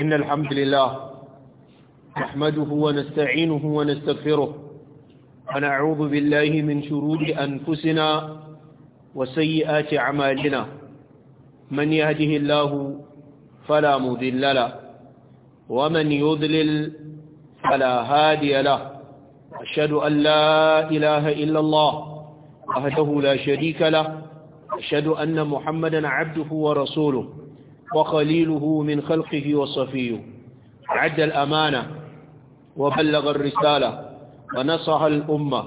إن الحمد لله نحمده ونستعينه ونستغفره ونعوذ بالله من شرور أنفسنا وسيئات أعمالنا من يهده الله فلا مذل له ومن يضلل فلا هادي له أشهد أن لا إله إلا الله وحده لا شريك له أشهد أن محمدا عبده ورسوله وخليله من خلقه وصفيه عد الأمانة وبلغ الرسالة ونصح الأمة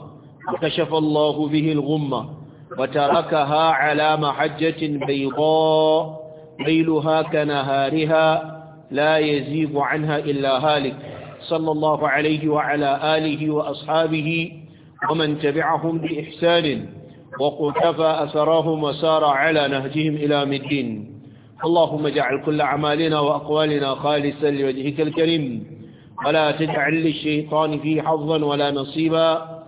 وكشف الله به الغمة وتركها على محجة بيضاء ليلها كنهارها لا يزيب عنها إلا هالك صلى الله عليه وعلى آله وأصحابه ومن تبعهم بإحسان وقتفى أثرهم وسار على نهجهم إلى مدين اللهم اجعل كل أعمالنا وأقوالنا خالصا لوجهك الكريم ولا تجعل للشيطان فيه حظا ولا نصيبا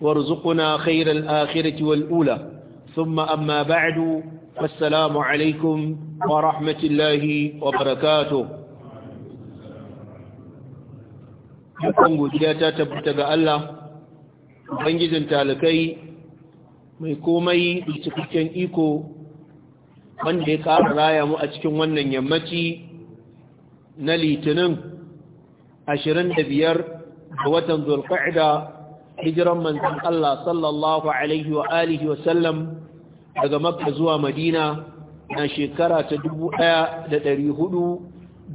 وارزقنا خير الآخرة والأولى ثم أما بعد فالسلام عليكم ورحمة الله وبركاته يقوم قدياتا تبتغى الله وانجز انتالكي ميكومي بسكتين إيكو wanda ya ƙara raya mu a cikin wannan yammaci na litinin 25 ga watan zulqa'da hijiran manzon Allah sallallahu alaihi wa alihi wa sallam daga makka zuwa madina na shekara ta 1442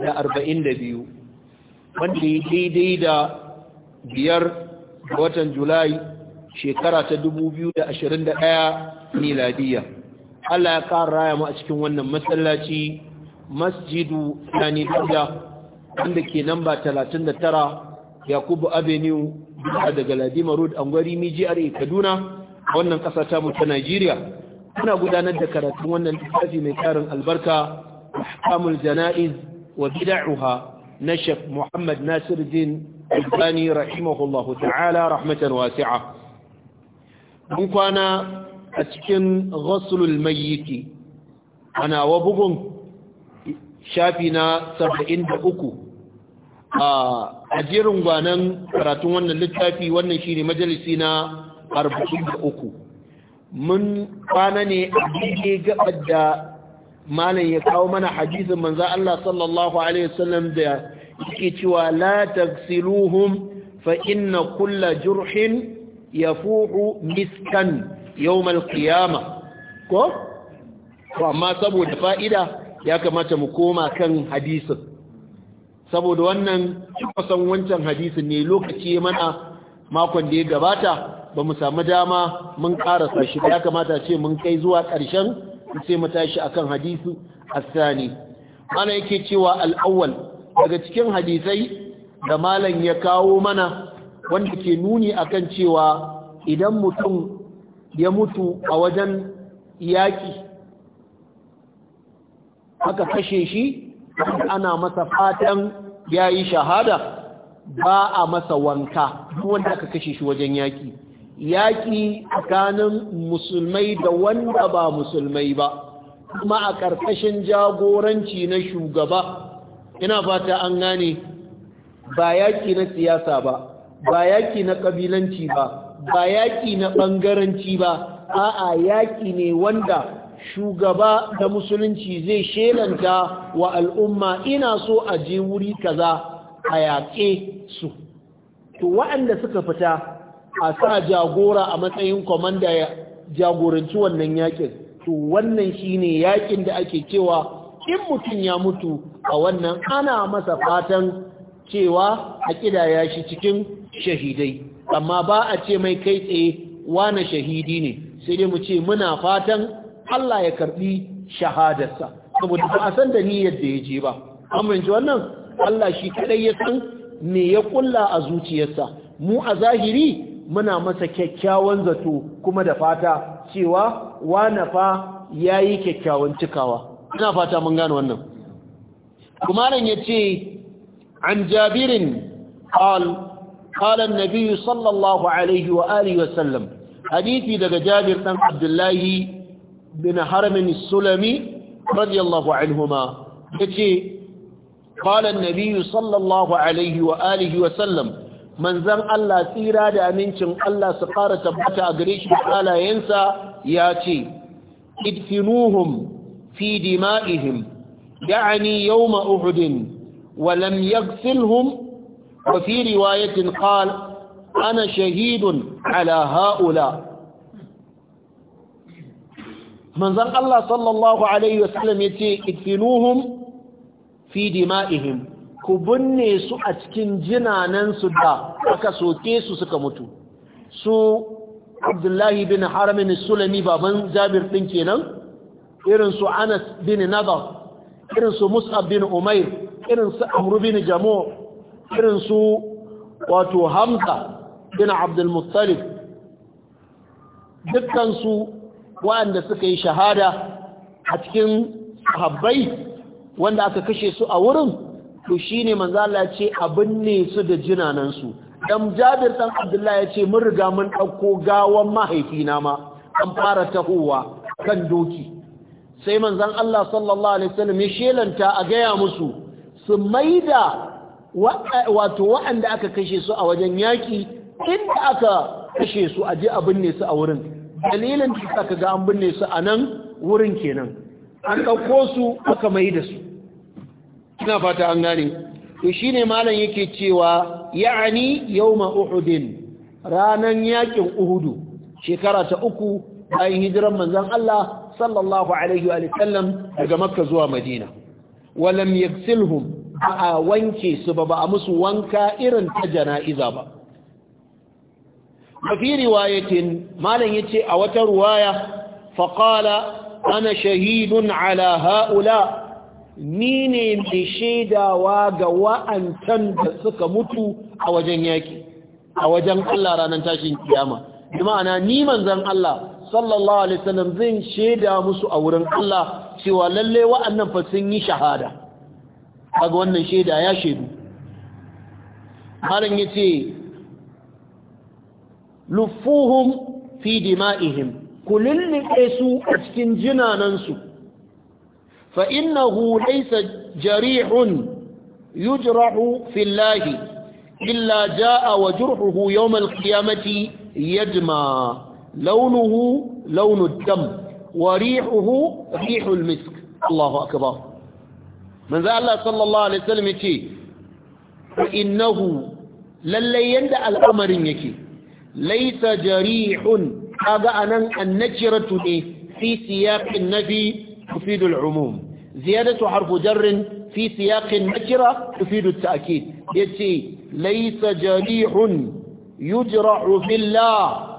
wanda ya daidai da biyar ga watan julai shekara ta 2021 miladiyya Allah ya kara raya a cikin wannan masallaci masjidu Sani Dauda wanda ke da 39 Yakubu Avenue daga Ladima Road Angwari Mijiyar Kaduna wannan ƙasa ta mu ta Najeriya muna gudanar da karatun wannan littafi mai tarin albarka kamul Jana'iz wa Bid'aha na shek Muhammad Nasiruddin Albani rahimahullahu ta'ala rahmatan wasi'a mun kwana a cikin ghasulul mayyiti ana wa bugun shafi na 73 a ajerin gwanan karatun wannan littafi wannan shine majalisi na 43 mun kwana ne a daidai gabar da malam ya kawo mana hadisin manza Allah sallallahu alaihi wasallam da yake cewa la tagsiluhum fa inna kulla jurhin yafuhu miskan Yau Malkiyama ko Ko amma saboda fa'ida ya kamata mu koma kan hadisin saboda wannan kusan wancan hadisin ne lokaci mana makon da ya gabata ba mu samu dama mun karasa shi ya kamata ce mun kai zuwa ƙarshen sai mu tashi akan hadisi asani ana yake cewa al daga cikin hadisai da malam ya kawo mana wanda ke nuni akan cewa idan mutum ya mutu a wajen yaƙi aka kashe shi ana masa fatan ya yi shahada ba a masa wanka wanda aka kashe shi wajen yaƙi yaƙi tsakanin musulmai da wanda ba musulmai ba kuma a ƙarƙashin jagoranci na shugaba ina fata an gane ba yaƙi na siyasa ba ba yaƙi na ƙabilanci ba ba yaƙi na ɓangaranci ba a'a yaƙi ne wanda shugaba da musulunci zai shelanta wa al'umma ina so a je wuri kaza a yaƙe su to waɗanda suka fita a sa jagora a matsayin kwamanda ya jagoranci wannan yaƙin to wannan shine yaƙin da ake cewa in mutum ya mutu a wannan ana masa fatan cewa a ƙidaya shi cikin shahidai amma ba a ce mai kai tsaye wane shahidi ne sai dai mu ce muna fatan Allah ya karbi shahadarsa saboda ba a san da niyyar da ya je ba amince wannan Allah shi kadai ya san me ya kulla a zuciyarsa mu a zahiri muna masa kyakkyawan zato kuma da fata cewa wane fa yayi kyakkyawan cikawa ina fata mun gane wannan kuma nan yace an jabirin قال قال النبي صلى الله عليه وآله وسلم حديثي دقى جابر بن عبد الله بن حرم السلمي رضي الله عنهما يتي قال النبي صلى الله عليه وآله وسلم من زن الله سيرا دا منشن الله سقارة بطا أقريش بحالا ينسى ياتي ادفنوهم في دمائهم يعني يوم أحد ولم يغسلهم وفي رواية قال أنا شهيد على هؤلاء من ذن الله صلى الله عليه وسلم يتي ادفنوهم في دمائهم كبني سؤتكن جنانا سدا suka سكمتو su abdullahi bin haramin sulami baban jabir ɗin kenan irin anas bin nadar Irinsu Musa mus'ab bin umair irin amru bin jamu irin su wato hamza bin abdulmuttalib dukkansu waɗanda suka yi shahada a cikin sahabbai wanda aka kashe su a wurin to shine manzo Allah ce abin ne su da jinanansu dan Jabir dan Abdullah ya ce mun riga mun ɗauko gawan mahaifina ma an fara tahowa kan doki sai manzon Allah sallallahu alaihi wasallam ya shelanta a gaya musu su maida wato waɗanda aka kashe su a wajen yaƙi inda aka kashe su a je a binne su a wurin dalilin da aka ga an binne su a nan wurin kenan an ɗauko su aka mai da su ina fata an gane to ne malam yake cewa ya'ani yawma uhudin ranan yaƙin uhudu shekara ta uku bayan hijiran manzon Allah sallallahu alaihi wa sallam daga makka zuwa madina walam yagsilhum ba a wanke su ba ba a musu wanka irin ta jana'iza ba mafi riwayatin malam yace a wata ruwaya faqala ana shahidun ala haula ni ne mai shaidawa ga wa'antan da suka mutu a wajen yaki a wajen Allah ranar tashin kiyama bi ma'ana ni manzon Allah sallallahu alaihi wasallam zan shaida musu a wurin Allah cewa lalle wa'annan fa sun yi shahada kaga wannan shaida ya shaidu malam yace lufuhum fi dima'ihim kulillike su a cikin jinanansu fa innahu laysa jarihun yujrahu fillahi illa jaa wa jurhuhu yawm alqiyamati yajma launuhu launu dam wa rihuhu rihul misk Allahu akbar manzo Allah sallallahu alaihi wasallam yace innahu lallai yadda al'amarin yake laita jarihun kaga anan annakiratu ne fi siyaqin nafi tufidu al'umum ziyadatu harfu jarrin fi siyaqin nakira tufidu at-ta'kid yace laita jarihun yujra'u billah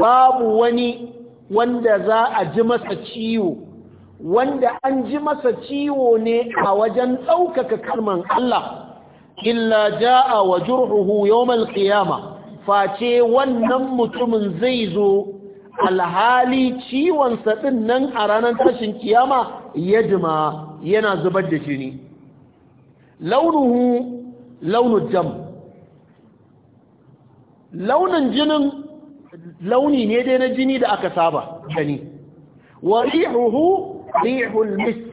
babu wani wanda za a ji masa ciwo wanda an ji masa ciwo ne a wajen ɗaukaka kalman Allah illa ja'a wa jurhuhu yawmal qiyama face wannan mutumin zai zo alhali ciwon sa nan a ranar tashin kiyama jima yana zubar da jini launuhu launin jam launin jinin launi ne dai na jini da aka saba gani wa ihuhu rihul misk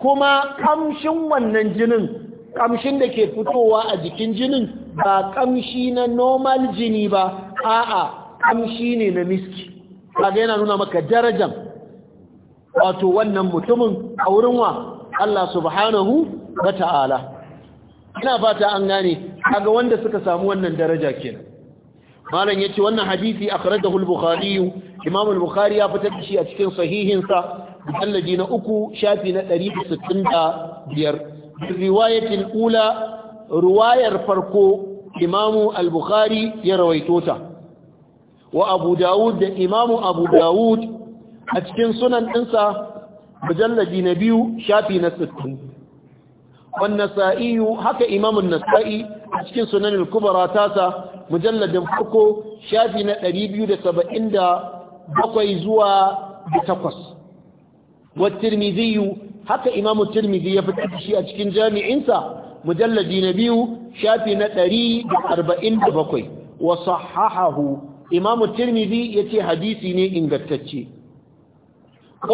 kuma kamshin wannan jinin kamshin da ke fitowa a jikin jinin ba kamshi na normal jini ba a'a kamshi ne na miski kaga yana nuna maka darajan wato wannan mutumin a wurin wa Allah subhanahu wa ta'ala ina fata an gane kaga wanda suka samu wannan daraja kenan malam yace wannan hadisi akhrajahu al-bukhari imam al-bukhari ya fitar da shi a cikin sahihinsa mujalladi na uku shafi na ɗari da sittin da biyar riwayatin ula ruwayar farko imamu al-bukhari ya rawaito ta wa abu dawud da imamu abu dawud a cikin ɗinsa mujalladi biyu shafi na sittin والنسائي هكا إمام النسائي أشكين سنن الكبرى تاسا مجلد فكو شافنا قريب يدى دا بقوي زوا بتقص wa tirmidhi haka imamu tirmidhi ya fitar shi a cikin jami'insa mujalladi na biyu shafi na 147 wa sahahahu imamu tirmidhi yace hadisi ne ingantacce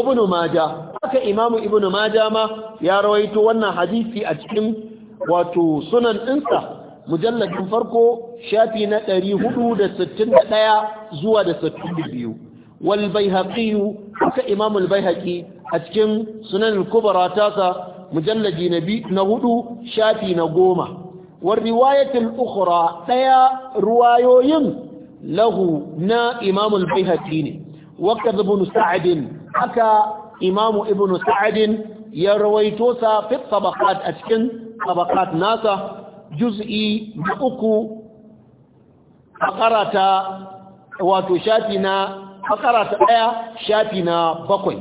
ibn Maja haka imamu Ibnu Maja ma ya rawaito wannan hadisi a cikin wato sunan ɗinsa mujalladin farko shafi na 461 zuwa da 62 wal baihaqi haka imamu al a cikin sunan al-kubra tasa mujalladi na bi na hudu shafi na goma wa riwayatul ukhra daya ruwayoyin lahu na imamu al ne wa kadhibun sa'd haka imam ibn sa'd ya rawaito sa fi tabaqat a cikin tabaqat nasa juz'i na uku a wato shafi na bakara ta ɗaya shafi na bakwai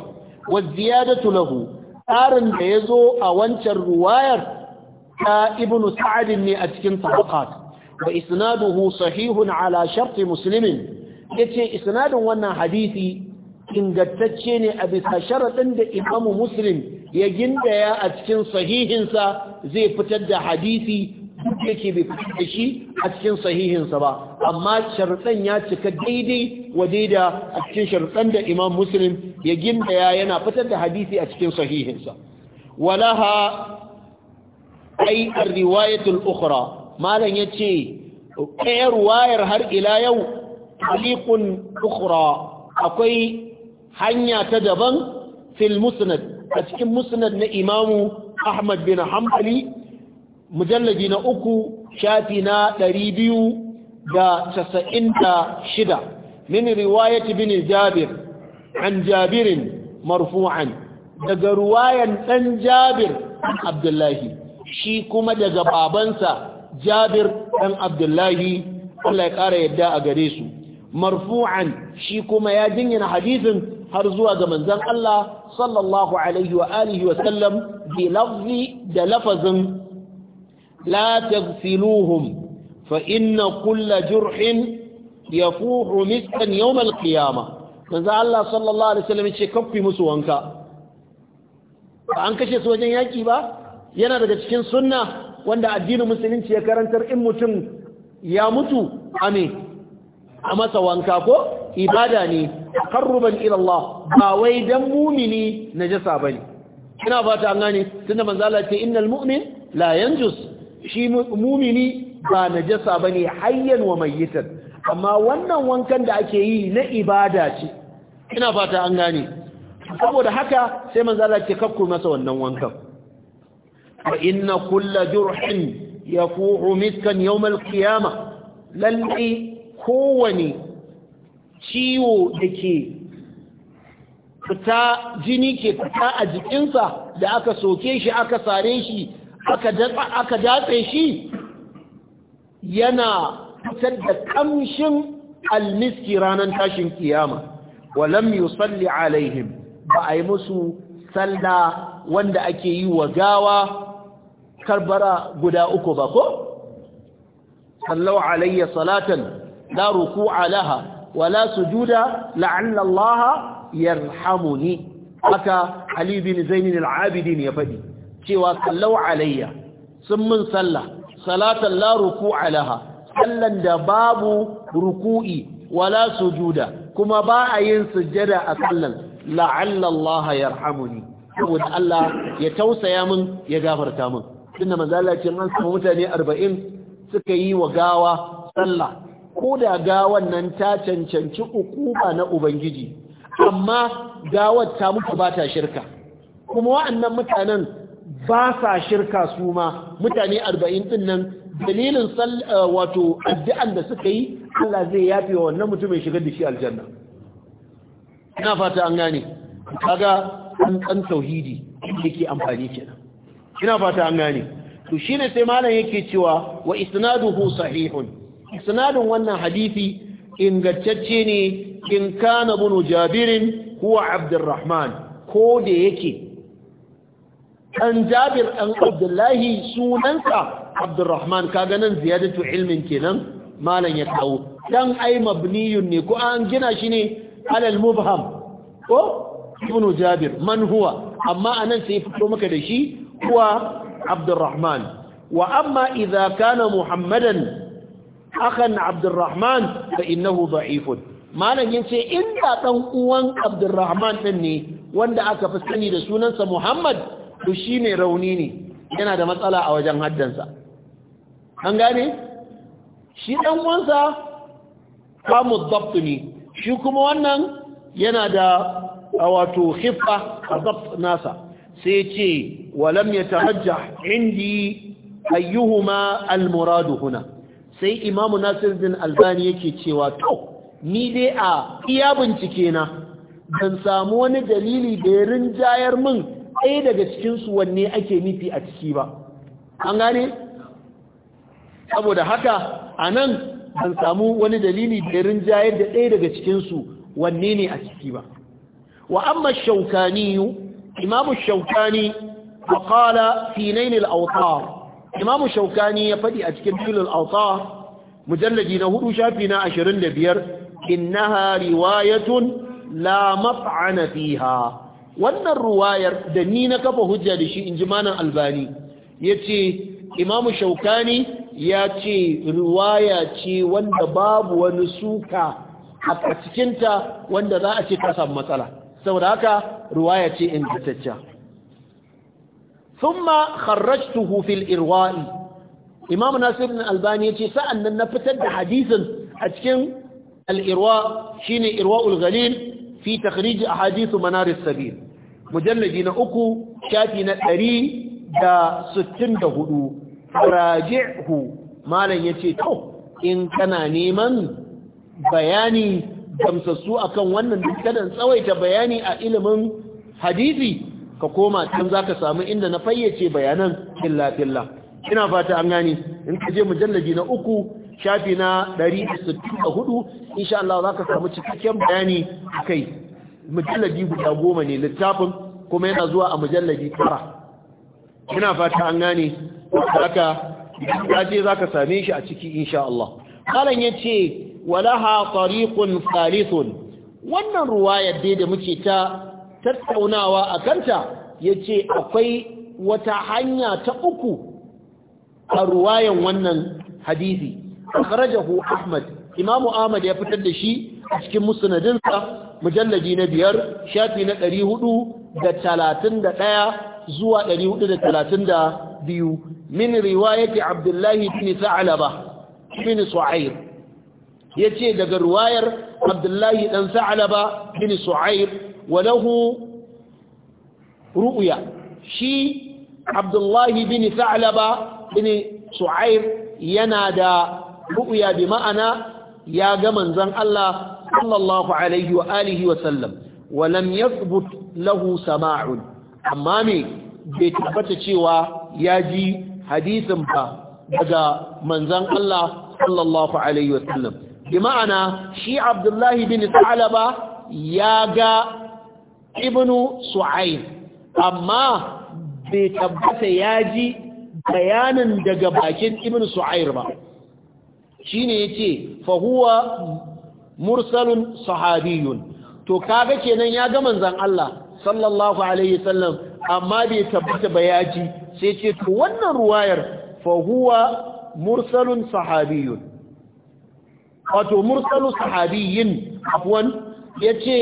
da tulahu tsarin da ya zo a wancan ruwayar ta ibnu sa'adin ne a cikin tabaqat wa isnaduhu sahihun ala sharti muslimin yace isnadin wannan hadisi ingantacce ne a bisa sharaɗin da imamu muslim ya gindaya a cikin sahihinsa zai fitar da hadisi duk yake bai da shi a cikin sahihinsa ba amma sharuɗan ya cika daidai wa daida a cikin sharuɗan da imam muslim ya gindaya yana fitar da hadisi a cikin sahihinsa walaha ai riwayatul ukhra malam yace ɗaya ruwayar har ila yau aliqun ukhra akwai hanya ta daban fil musnad a cikin musnad na imamu ahmad bin hanbali mujallabi na uku shafi na ɗari biyu da casa'in da shida min riwayat bin jabir an jabirin marfu'an daga ruwayan ɗan jabir abdullahi shi kuma daga babansa jabir ɗan abdullahi Allah ya ƙara yadda a gare su marfu'an shi kuma ya jinyana hadisin har zuwa ga manzan Allah sallallahu alaihi wa alihi wa sallam lafzi da lafazin لا تغسلوهم فإن كل جرح يفوح مسكا يوم القيامة فإذا الله صلى الله عليه وسلم يشكف مسوانك an kashe su wajen yaƙi ba yana daga cikin sunna wanda addinin musulunci ya karantar in mutum ya mutu ame a masa wanka ko ibada ne karruban ilallah ba wai dan mumini najasa bane ina fata an gane tunda manzo ce innal mu'min la yanjus shi mumini ba najasa bane hayyan wa mayyitan amma wannan wankan da ake yi na ibada ce ina fata an gane saboda haka sai manzo Allah ke kakku masa wannan wankan wa inna kullu jurhin yafuhu miskan yawm al-qiyama lalli kowani ciwo dake fita jini ke fita a jikinsa da aka soke shi aka sare shi aka datse shi yana fitar da kamshin almiski ranar tashin kiyama walam yusalli alaihim ba a yi musu salla wanda ake yi wa gawa karbara guda uku ba ko? sallau alayya salatan la ruku'a laha wala sujuda la'allallaha, Allah yarhamuni haka Ali bin Zainin al ya faɗi cewa sallau alayya sun min sallah salatan la ruku'a laha sallan da babu ruku'i wala sujuda kuma ba a yin sujjada a sallan la'alla Allah yarhamuni saboda Allah ya tausaya min ya gafarta min tunda manzo Allah ce an samu mutane 40 suka yi wa gawa sallah ko da gawan nan ta cancanci ukuba na ubangiji amma gawar ta muku ba ta shirka kuma wa'annan mutanen ba sa shirka su ma mutane arba'in ɗin nan dalilin eh, wato addu'an da suka yi Allah zai yafe wa wannan mutumin shiga da shi aljanna ina fata an gane kaga an kan tauhidi yake amfani kenan ina fata an gane to shine sai malam yake cewa wa isnaduhu sahihun isnadun wannan hadisi ingantacce ne in kana bunu jabirin huwa abdurrahman ko da yake ɗan jabir ɗan abdullahi sunansa abdurrahman kaga nan ziyadatu ilmin kenan malam ya kawo dan ai mabniyun ne ko an gina shi ne alal mubham ko ibnu jabir man huwa amma anan sai fito maka da shi huwa abdurrahman wa amma idza kana muhammadan akhan abdurrahman fa innahu da'ifun malam yace inda dan uwan abdurrahman din ne wanda aka fi sani da sunansa muhammad to shi mai rauni ne yana da matsala a wajen haddansa an gane shi ɗan wansa kamun zabtu ne shi kuma wannan yana da a wato hiffa a zabt nasa sai ce walam ya tahajja indi ayyuhuma almuradu huna sai imamu nasir din albani yake cewa to ni dai a iya bincike na ban samu wani dalili da ya rinjayar min ɗaya daga cikinsu wanne ake nufi a ciki ba an gane saboda haka a nan ban samu wani dalili da jayar da ɗaya daga cikinsu wanne ne a ciki ba wa amma shaukani imamu shaukani wa kala finain imamu shaukani ya faɗi a cikin filin al'autar mujallaji na hudu shafi na ashirin da biyar innaha riwayatun la maf'ana fiha wannan ruwayar da ni na kafa hujja da shi in ji manan albani ya ce imamu shaukani ya ce ruwaya ce wanda babu wani suka a cikinta wanda za a ce ta matsala saboda haka ruwaya ce ingantacciya thumma kharrajtuhu fil irwa'i imamu nasir bin albani ya ce sa'annan na fitar da hadisin a cikin al-irwa shine irwa'ul ghalil fi takhrij ahadith manar as-sabil mujalladi na uku shafi na 164 raji'hu malan yace to in kana neman bayani gamsassu akan wannan dukkan tsawaita bayani a ilimin hadisi ka koma can zaka samu inda na fayyace bayanan filla filla ina fata an gani in ka je mujalladi na uku shafi na 164 insha Allah za ka samu cikakken bayani kai mujallabi guda goma ne littafin kuma yana zuwa a mujalladi tara ina fata an gane haka kaje za ka same shi a ciki insha Allah kalan yace walaha tariqun salithun wannan ruwayar dai da muke ta tattaunawa a kanta ya ce akwai wata hanya ta uku a ruwayan wannan hadisi akhrajahu ahmad imamu ahmad ya fitar da shi a cikin musnadinsa mujalladi na biyar shafi na 431 zuwa 432 min riwayati abdullahi ibn sa'laba ibn su'ayr yace daga riwayar abdullahi dan sa'laba ibn su'ayr walahu lahu ru'ya shi abdullahi ibn sa'laba ibn su'ayr yana da ru'ya bi ma'ana ya ga manzon Allah sallallahu alaihi wa alihi wa sallam wa lam yathbut lahu sama'un amma me bai tabbata cewa ya ji hadisin ba daga manzon Allah sallallahu alaihi wa sallam bi ma'ana shi Abdullahi bin Salaba ya ga ibnu Su'aib amma bai tabbata ya ji bayanin daga bakin ibnu Su'air ba shi ne yace fa fahuwa mursalun sahabiyun to kaga kenan ya ga manzan Allah sallallahu alaihi wasallam amma bai tabbata ba ji sai ce to wannan ruwayar fa mursalin sahabiyun wato mursalu sahabiyin ya yace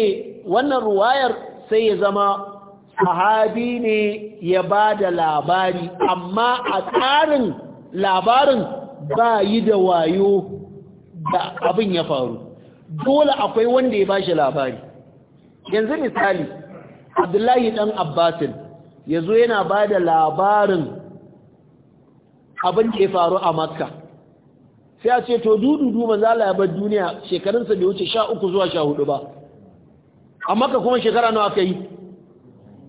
wannan ruwayar sai ya zama sahabi ne ya ba da labari amma a tsarin labarin ba yi da wayo da abin ya faru dole akwai wanda ya bashi labari yanzu misali abdullahi dan abbasin ya zo yana ba da labarin abin da ya faru a makka sai a ce to dududu manzala ya bar duniya shekarunsa bai wuce sha uku zuwa sha hudu ba a makka kuma shekara nawa ka yi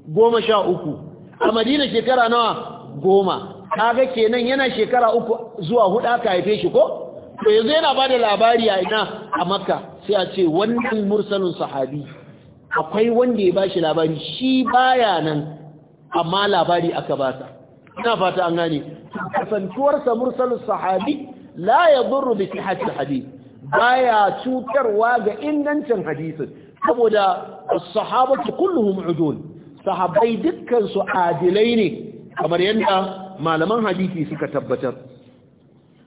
goma sha uku a madina shekara nawa goma ga kenan yana shekara uku zuwa hudu aka haife shi ko to yanzu yana bada labari a ina a makka sai a ce wannan mursalin sahabi akwai wanda ya bashi labari shi baya nan amma labari aka basa ina fata an gane sa mursalin sahabi la ya yadurru bi sihhat hadith baya cutarwa ga ingancin hadisin saboda sahabatu kulluhum udul sahabai dukkan su adilai ne kamar yadda malaman hadisi suka tabbatar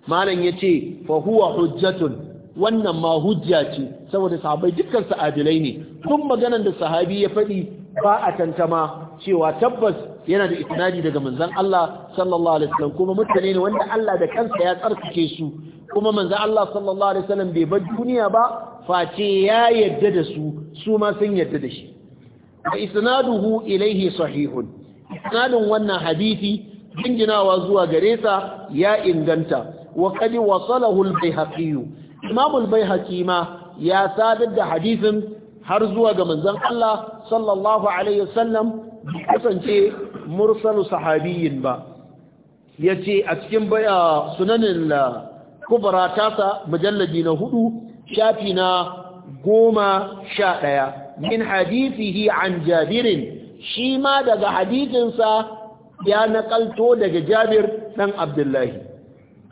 malam ya ce huwa hujjatun wannan ma hujja ce saboda sahabai dukkan su adilai ne kun maganan da sahabi ya faɗi ba a tantama cewa tabbas yana da isnadi daga Manzan Allah sallallahu alaihi wasallam kuma mutane ne wanda Allah da kansa ya tsarkake su kuma Manzan Allah sallallahu alaihi wasallam bai bar duniya ba face ya yadda da su su ma sun yadda da shi wa isnaduhu ilaihi sahihun isnadun wannan hadisi jinginawa zuwa gare ta ya inganta wa kadi wasalahu al-baihaqi imam al-baihaqi ma ya sadar da hadisin har zuwa ga manzon Allah sallallahu alaihi wasallam kasance mursalu sahabiyin ba Ya ce a cikin baya sunanin kubra tasa mujalladi na hudu shafi na goma sha ɗaya min hadithihi an jabirin shi ma daga hadithinsa ya nakalto daga jabir dan abdullahi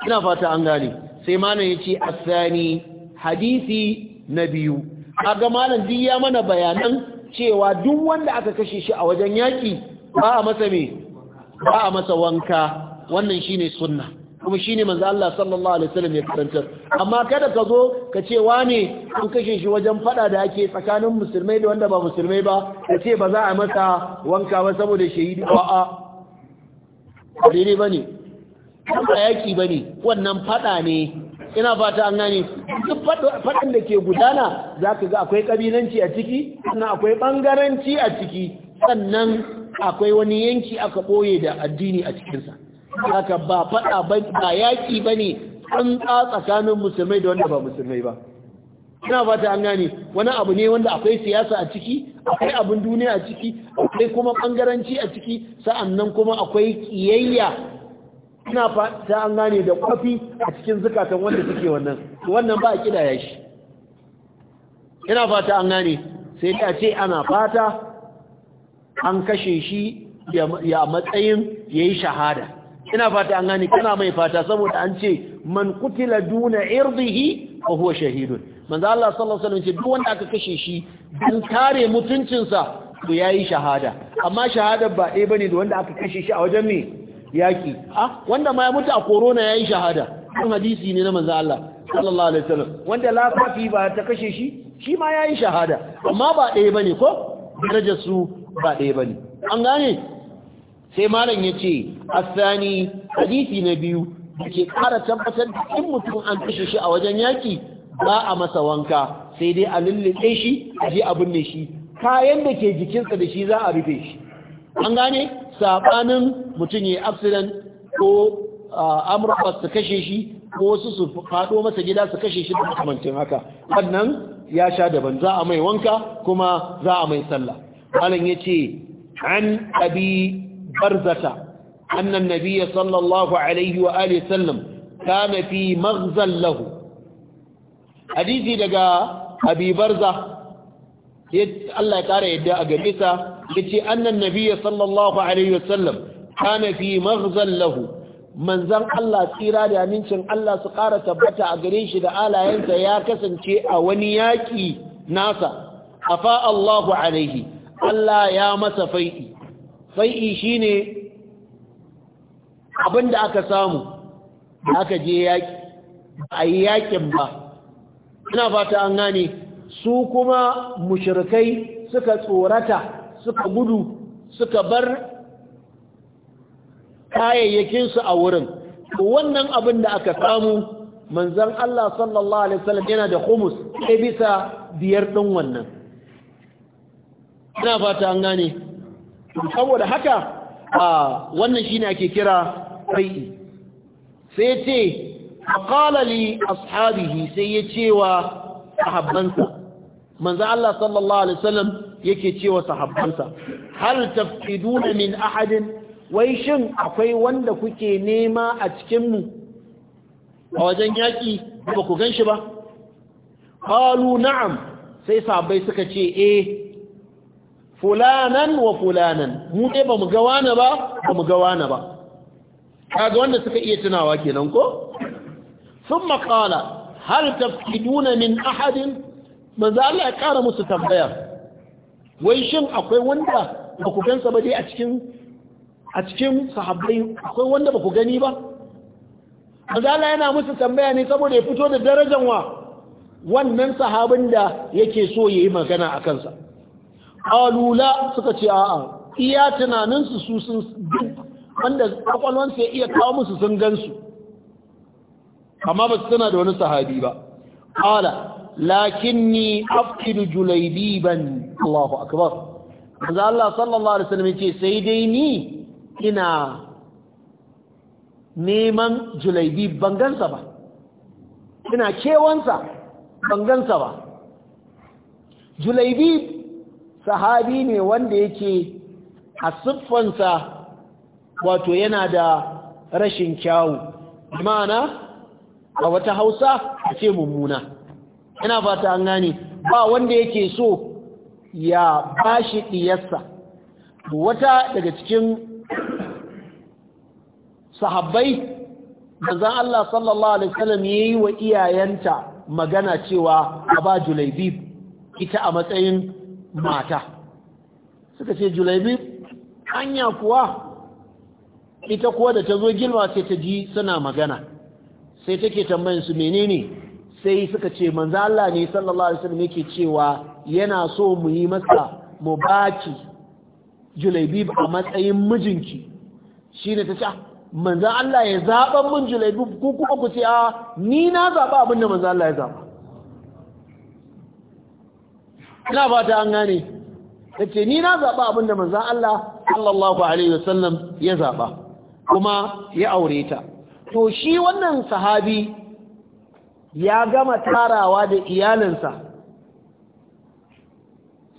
ina fata an gane sai malam yace asani hadisi na biyu kaga malam duk ya mana bayanan cewa duk wanda aka kashe shi a wajen yaki ba a masa me ba a masa wanka wannan shine sunna kuma shine manzo Allah sallallahu alaihi wasallam ya karanta. amma kada ka zo ka ce wane an kashe shi wajen fada da ake tsakanin musulmai da wanda ba musulmai ba ka ce ba za a masa wanka ba saboda shahidi a'a daidai ba ne ba yaƙi ba ne wannan faɗa ne ina fata an gani duk faɗin da ke gudana za ka ga akwai ƙabilanci a ciki sannan akwai ɓangaranci a ciki sannan akwai wani yanki aka ɓoye da addini a cikinsa ka ba faɗa ba yaƙi ba ne an tsakanin musulmai da wanda ba musulmai ba ina ba ta an gane wani abu ne wanda akwai siyasa a ciki akwai abin duniya a ciki akwai kuma bangaranci a ciki sa'annan kuma akwai kiyayya ina fata an gane da kwafi a cikin zukatan wanda suke wannan wannan ba a kidaya shi ina fata an gane sai ta ce ana fata an kashe shi ya matsayin ya yi shahada ina fata an gane kana mai fata saboda an ce man kutila duna irdihi wa huwa shahidun manzo Allah sallallahu alaihi wasallam ce duk wanda aka kashe shi dan kare mutuncinsa to yayi shahada amma shahada ba ɗaya bane da wanda aka kashe shi a wajen me yaki ah wanda ma ya mutu a corona yayi shahada kan hadisi ne na manzo Allah sallallahu alaihi wasallam wanda lafafi ba ta kashe shi shi ma yayi shahada amma ba ɗaya bane ko darajar su ba ɗaya bane an gane sai malam yace asani hadisi na biyu da ke ƙara tabbatar da in mutum an kashe shi a wajen yaki ba a masa wanka sai dai a lullube shi a je a binne shi kayan da ke jikinsa da shi za a rufe shi an gane saɓanin mutum ya accident ko amurka su kashe shi ko wasu su faɗo masa gida su kashe shi da makamancin haka wannan ya sha daban za a mai wanka kuma za a mai sallah malam yace an abi barzata annan Nabiya sallallahu alaihi wa alihi sallam kana fi maghzal lahu hadisi daga abi barza Allah ya kara yadda a gare sa yace annan nabiyyi sallallahu alaihi wasallam kana fi maghzal lahu manzan Allah tsira da amincin Allah su kara tabbata a gare shi da alayensa ya kasance a wani yaki nasa afa Allahu alaihi Allah ya masa fai'i fai'i shine abinda aka samu aka je yaki ba a yi yakin ba ina fata an gane su kuma mushrikai suka tsorata suka gudu suka bar kayayyakinsu a wurin wannan abin da aka samu manzan Allah sallallahu alaihi wasallam yana da humus sai bisa biyar ɗin wannan ina fata an gane saboda haka a wannan shine ake kira sai ce faƙala li ashabihi sai ya cewa sahabbansa manzo Allah sallallahu alaihi wasallam yake cewa sahabbansa hal tafqiduna min ahadin wai shin akwai wanda kuke nema a cikin mu a wajen yaki ba ku ganshi ba qalu na'am sai sabai suka ce eh fulanan wa fulanan mu ne ba mu ga wana ba ba mu ga wani ba kaga wanda suka iya tunawa kenan ko ثم قال هل تفقدون من أحد ماذا الله قال musu tambaya wai shin akwai wanda ba ku gansa ba dai a cikin a cikin sahabbai akwai wanda ba ku gani ba maza Allah yana musu tambaya ne saboda ya fito da darajar wa wannan sahabin da yake so yayi magana a kansa alula suka ce a'a iya tunaninsu su sun duk wanda kwakwalwansu ya iya kawo musu sun gansu amma ba su tana da wani sahabi ba qala lakinni afkidu julaybiban Allahu akbar manzo Allah sallallahu alaihi wasallam yace sai dai ni ina neman Julaibi bangansa ba ina kewansa bangansa ba Julaibi sahabi ne wanda yake a siffansa wato yana da rashin kyawu ma'ana a wata hausa a ce mummuna ina fata an gani. ba wanda yake so ya bashi ɗiyarsa wata daga cikin sahabbai zan Allah sallallahu alaihi wasallam yayi wa iyayenta magana cewa a ba Julaibi ita a matsayin mata suka ce julaibib hanya kuwa ita kuwa da ta zo gilma sai ta ji suna magana sai take tambayin su menene sai suka ce manzo Allah ne sallallahu alaihi wasallam yake cewa yana so mu yi masa mu baki Julaibib a matsayin mijinki shine tace ah, manzo Allah ya zaba mun Julaibib ko kuma ku ce a ni na zaba abin da manzo Allah ya zaba ina ta an gane kace ni na zaba abin da manzo Allah sallallahu alaihi wasallam ya zaba kuma ya aure ta to shi wannan sahabi ya gama tarawa da iyalinsa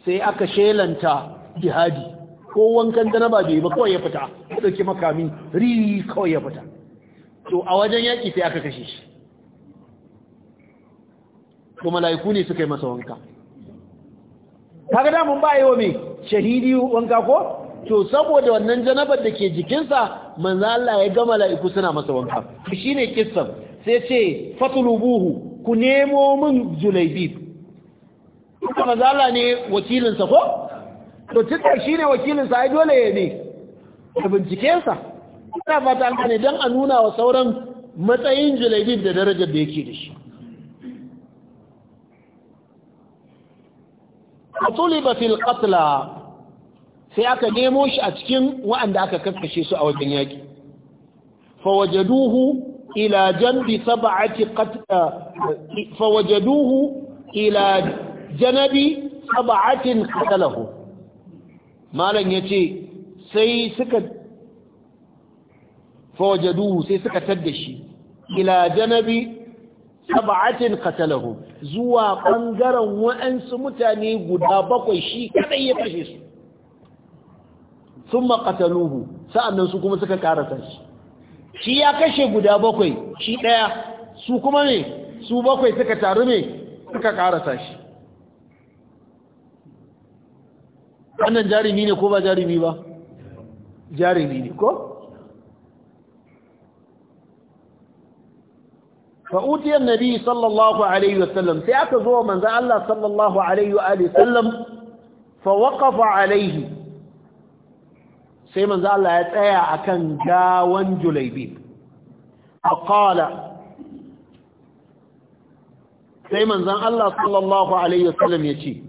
sai aka shelanta jihadi ko wankan janaba bai ba kawai ya fita ya dauki makami riri kawai ya fita to a wajen yaki sai aka kashe shi to malaiku ne suka yi masa wanka kaga da mun ba yi wa mai shahidi wanka ko to saboda wannan janabar da ke jikinsa manzo Allah ya gama mala'iku suna masa wanka shine kissan sai ce fatulubuhu ku nemo min julaibib kuma manzo Allah ne wakilin sa ko to tunda shine wakilin sa ai dole ya ne da binciken sa ina fata an gane dan a nuna wa sauran matsayin julaibib da darajar da yake da shi طلب في القتلى sai aka nemo shi a cikin wa'anda aka kakkashe su a wajen yaki fawajaduhu ila janbi sab'ati eh, fawajaduhu ila janabi sab'atin qatalahu malan yace sai suka fawajaduhu sai suka tadda shi ila janabi sab'atin qatalahu zuwa bangaren wa'ansu mutane guda bakwai shi kadai ya kashe su sun maƙataluhu sa'annan su kuma suka karasa shi shi ya kashe guda bakwai shi ɗaya su kuma ne su bakwai suka taru ne suka karasa shi wannan jarumi ne ko ba jarumi ba jarumi ne ko? فأوتي النبي صلى الله عليه وسلم سيأتذو من manzan Allah sallallahu الله عليه وآله وسلم فوقف sai manzo Allah ya tsaya akan gawan julaibib aqala sai manzo Allah sallallahu alaihi wasallam yace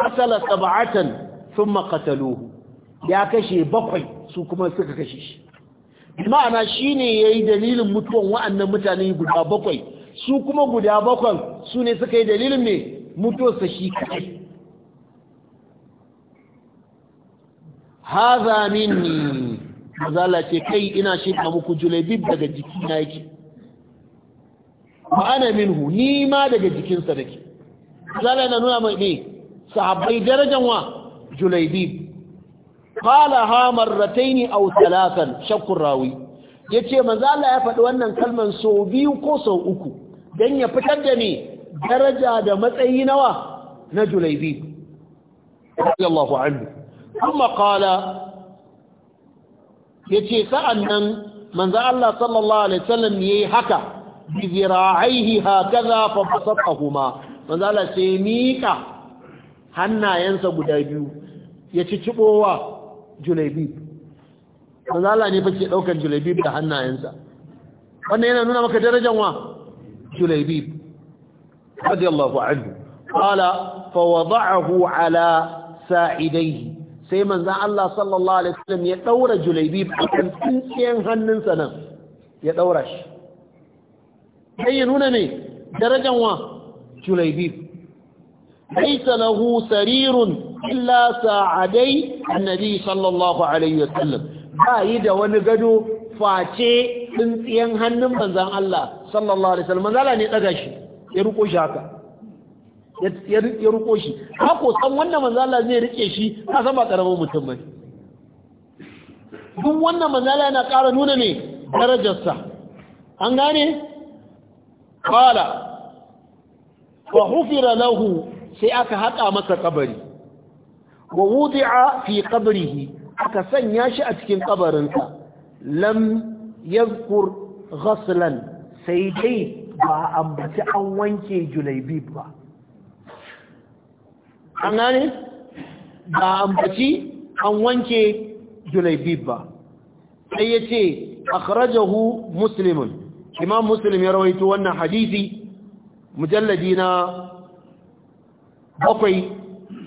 asala sab'atan thumma qataluhu ya kashe bakwai su kuma suka kashe shi ma'ana shine yayi dalilin mutuwan wa'annan mutane guda bakwai su kuma guda bakwai su ne suka yi dalilin ne mutuwarsa shi kai haza minni mazala ce kai ina shirka muku julebib daga jikina yake ma'ana minhu ni ma daga jikinsa nake mazala yana nuna mai ne sahabbai darajan wa julebib qala ha marrataini aw thalathan shakkur rawi yace mazala ya faɗi wannan kalman sau biyu ko sau uku dan ya fitar da ni daraja da matsayi nawa na julebib radiyallahu anhu amma ya ce sa'annan manzo Allah sallallahu alaihi wasallam yayi haka bi zira'ihi hakaza fa basatahuma manzo Allah sai mika hannayensa guda biyu ya cicibowa julaibi manzo Allah ne fake daukar julaibi da hannayensa wannan yana nuna maka darajar wa julaibi radiyallahu anhu qala fa wada'ahu ala sa'idayhi sai manzan Allah sallallahu alaihi wasallam ya daura julaibi a kan tsinciyen hannunsa nan ya daura shi sai ya nuna ne darajan wa julaibi laisa lahu sarirun illa sa'adai annabi sallallahu alaihi wasallam ba yi da wani gado face tsintsiyen hannun manzan Allah sallallahu alaihi wasallam manzala ne daga shi ya ruko shi haka ya riko shi hako san wannan manzo zai rike shi ka san ba karamin mutum bane duk wannan manzo Allah yana ƙara nuna ne darajarsa an gane qala wa hufira lahu sai aka haƙa masa kabari wa wudi'a fi qabrihi aka sanya shi a cikin kabarinsa lam yazkur ghaslan sai dai ba ambaci an wanke julaibib ba an gane ba ambaci an wanke julaibib ba sai ya ce akhrajahu muslimun imam muslim ya rawaito wannan hadisi mujalladi na bakwai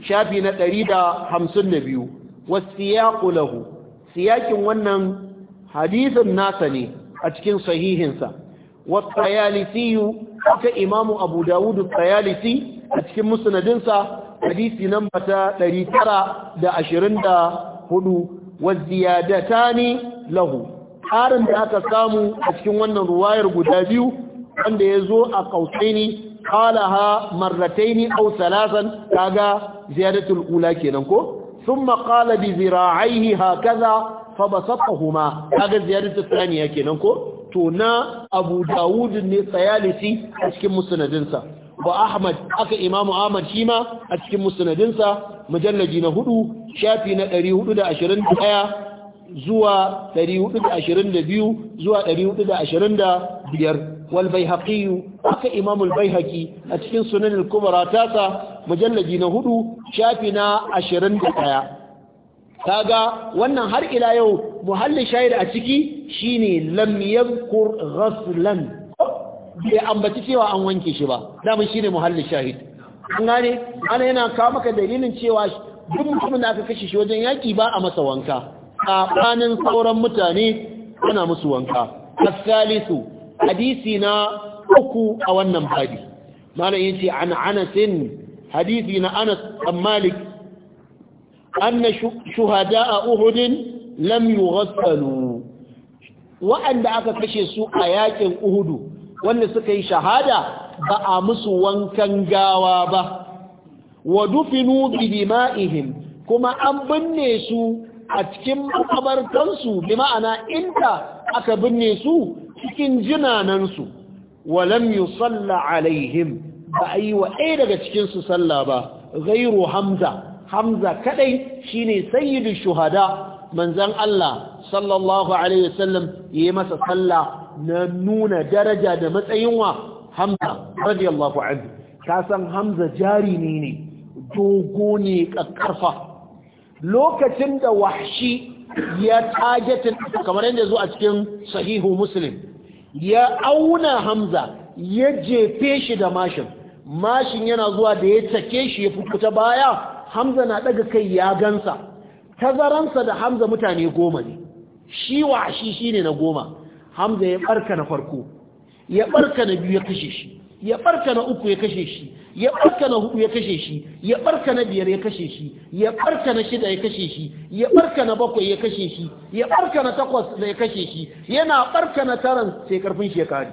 shafi na ɗari da hamsin da biyu wasu ƙulahu siyakin wannan hadisin nasa ne a cikin sahihinsa wasu tsayalisiyu aka imamu abu dawudu tsayalisi a cikin musnadinsa hadisi ɗari tara namba ta da wa ziyadatani lahu harin da aka samu a cikin wannan ruwayar guda biyu wanda ya zo a kausaini kalaha marataini au salasan kaga ziyadatul ula kenan ko sun makala bi zira'aihi hakaza fa basata huma kaga ziyadatul saniya kenan ko to na abu dawud ne tsayalisi a cikin musnadinsa wa Ahmad aka Imam Ahmad shi ma a cikin musnadinsa mujallaji na hudu shafi na 421 zuwa 422 zuwa 425 wal Baihaqi aka Imam al Baihaqi a cikin Sunan al Kubra tasa mujallaji na hudu shafi na 21 kaga wannan har ila yau muhalli shahid a ciki shine lam yadhkur ghaslan bai ambaci cewa an wanke shi ba shi ne muhallin shahid an gane ana yana kawo maka dalilin cewa duk mutumin da aka kashe shi wajen yaƙi ba a masa wanka tsakanin sauran mutane ana musu wanka asalisu hadisi na uku a wannan mana yin ce an anasin hadisi na anas an malik shuhada a Uhudin lam yughassalu wa'anda aka kashe su a yakin uhudu wanda suka yi shahada ba a musu wankan gawa ba wa dufinu kuma an binne su a cikin makabartansu bi ma'ana inda aka binne su cikin jinanansu walam yusalla alaihim ba a yi wa ɗaya daga cikinsu sallah ba ghairu hamza hamza kadai shine sayyidu shuhada manzan Allah sallallahu alaihi wasallam yayi masa sallah na nuna daraja da matsayin wa Hamza radiyallahu anhu ka san Hamza jari ne ne dogo ne kakkarfa lokacin da wahshi ya targetin kamar yadda zo a cikin sahihu muslim ya auna Hamza ya jefe shi da mashin mashin yana zuwa da ya take shi ya fita baya Hamza na daga kai ya gansa tazaransa da Hamza mutane goma ne shi washi ne na goma hamza ya barka na farko ya barka na biyu ya kashe shi ya barka na uku ya kashe shi ya barka na hudu ya kashe shi ya barka na biyar ya kashe shi ya barka na shida ya kashe shi ya barka na bakwai ya kashe shi ya barka na takwas da ya kashe shi yana barka na taron sai karfin shi ya kare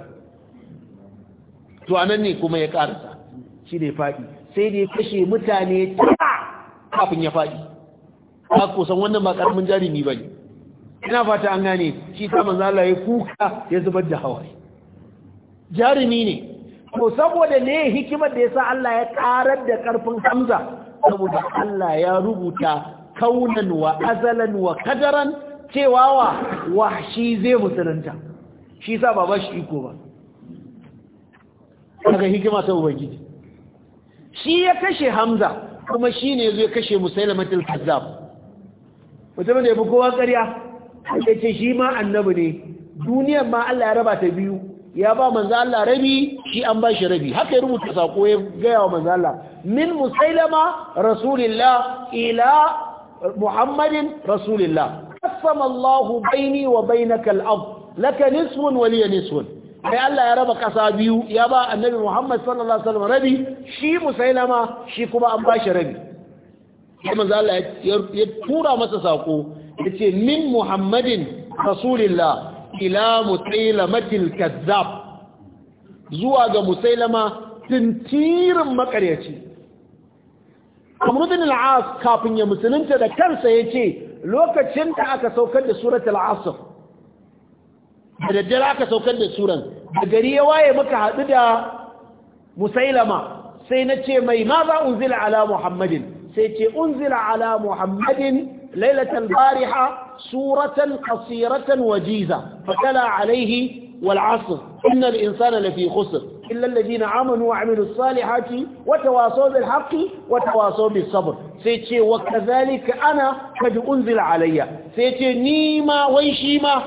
to anan ne kuma ya karasa shi ne faɗi sai da ya kashe mutane tara kafin ya faɗi ba ko san wannan ba karamin jarumi bane ina fata an gane shi sa manzo Allah ya kuka ya zubar da hawaye jarumi ne Ko saboda ne hikimar da yasa Allah ya karar da karfin Hamza saboda Allah ya rubuta kaunan wa azalan wa kadaran cewa wa wahshi zai musulunta shi sa ba shi iko ba daga hikima ta ubangiji shi ya kashe Hamza kuma shi ne zai kashe Musailamatul Kazzab mutumin da ya bi kowa ƙarya ya ce shi ma annabi ne duniyar ma Allah ya raba ta biyu ya ba manzo Allah rabi shi an ba shi rabi haka ya rubuta sako ya gaya wa manzo Allah min musailama rasulillah ila muhammadin rasulillah qasama Allahu baini wa bainaka al-ard laka nisfun wa liya nisfun sai Allah ya raba kasa biyu ya ba annabi Muhammad sallallahu alaihi wasallam rabi shi musailama shi kuma an bashi rabi sai manzo Allah ya tura masa sako yace min muhammadin rasulillah ila musailamatil kazzab zuwa ga musailama tintirin makaryaci amrudin al'as kafin ya musulunta da kansa ce lokacin da aka saukar da suratul asr da daddare aka saukar da suran da gari ya waye muka hadu da musailama sai na ce mai ma za unzila ala muhammadin sai ce unzila ala muhammadin ليلة البارحة سورة قصيرة وجيزة فتلا عليه والعصر إن الإنسان لفي خسر إلا الذين آمنوا وعملوا الصالحات وتواصوا بالحق وتواصوا بالصبر سيتي وكذلك أنا قد أنزل علي سيتي نيما ويشيما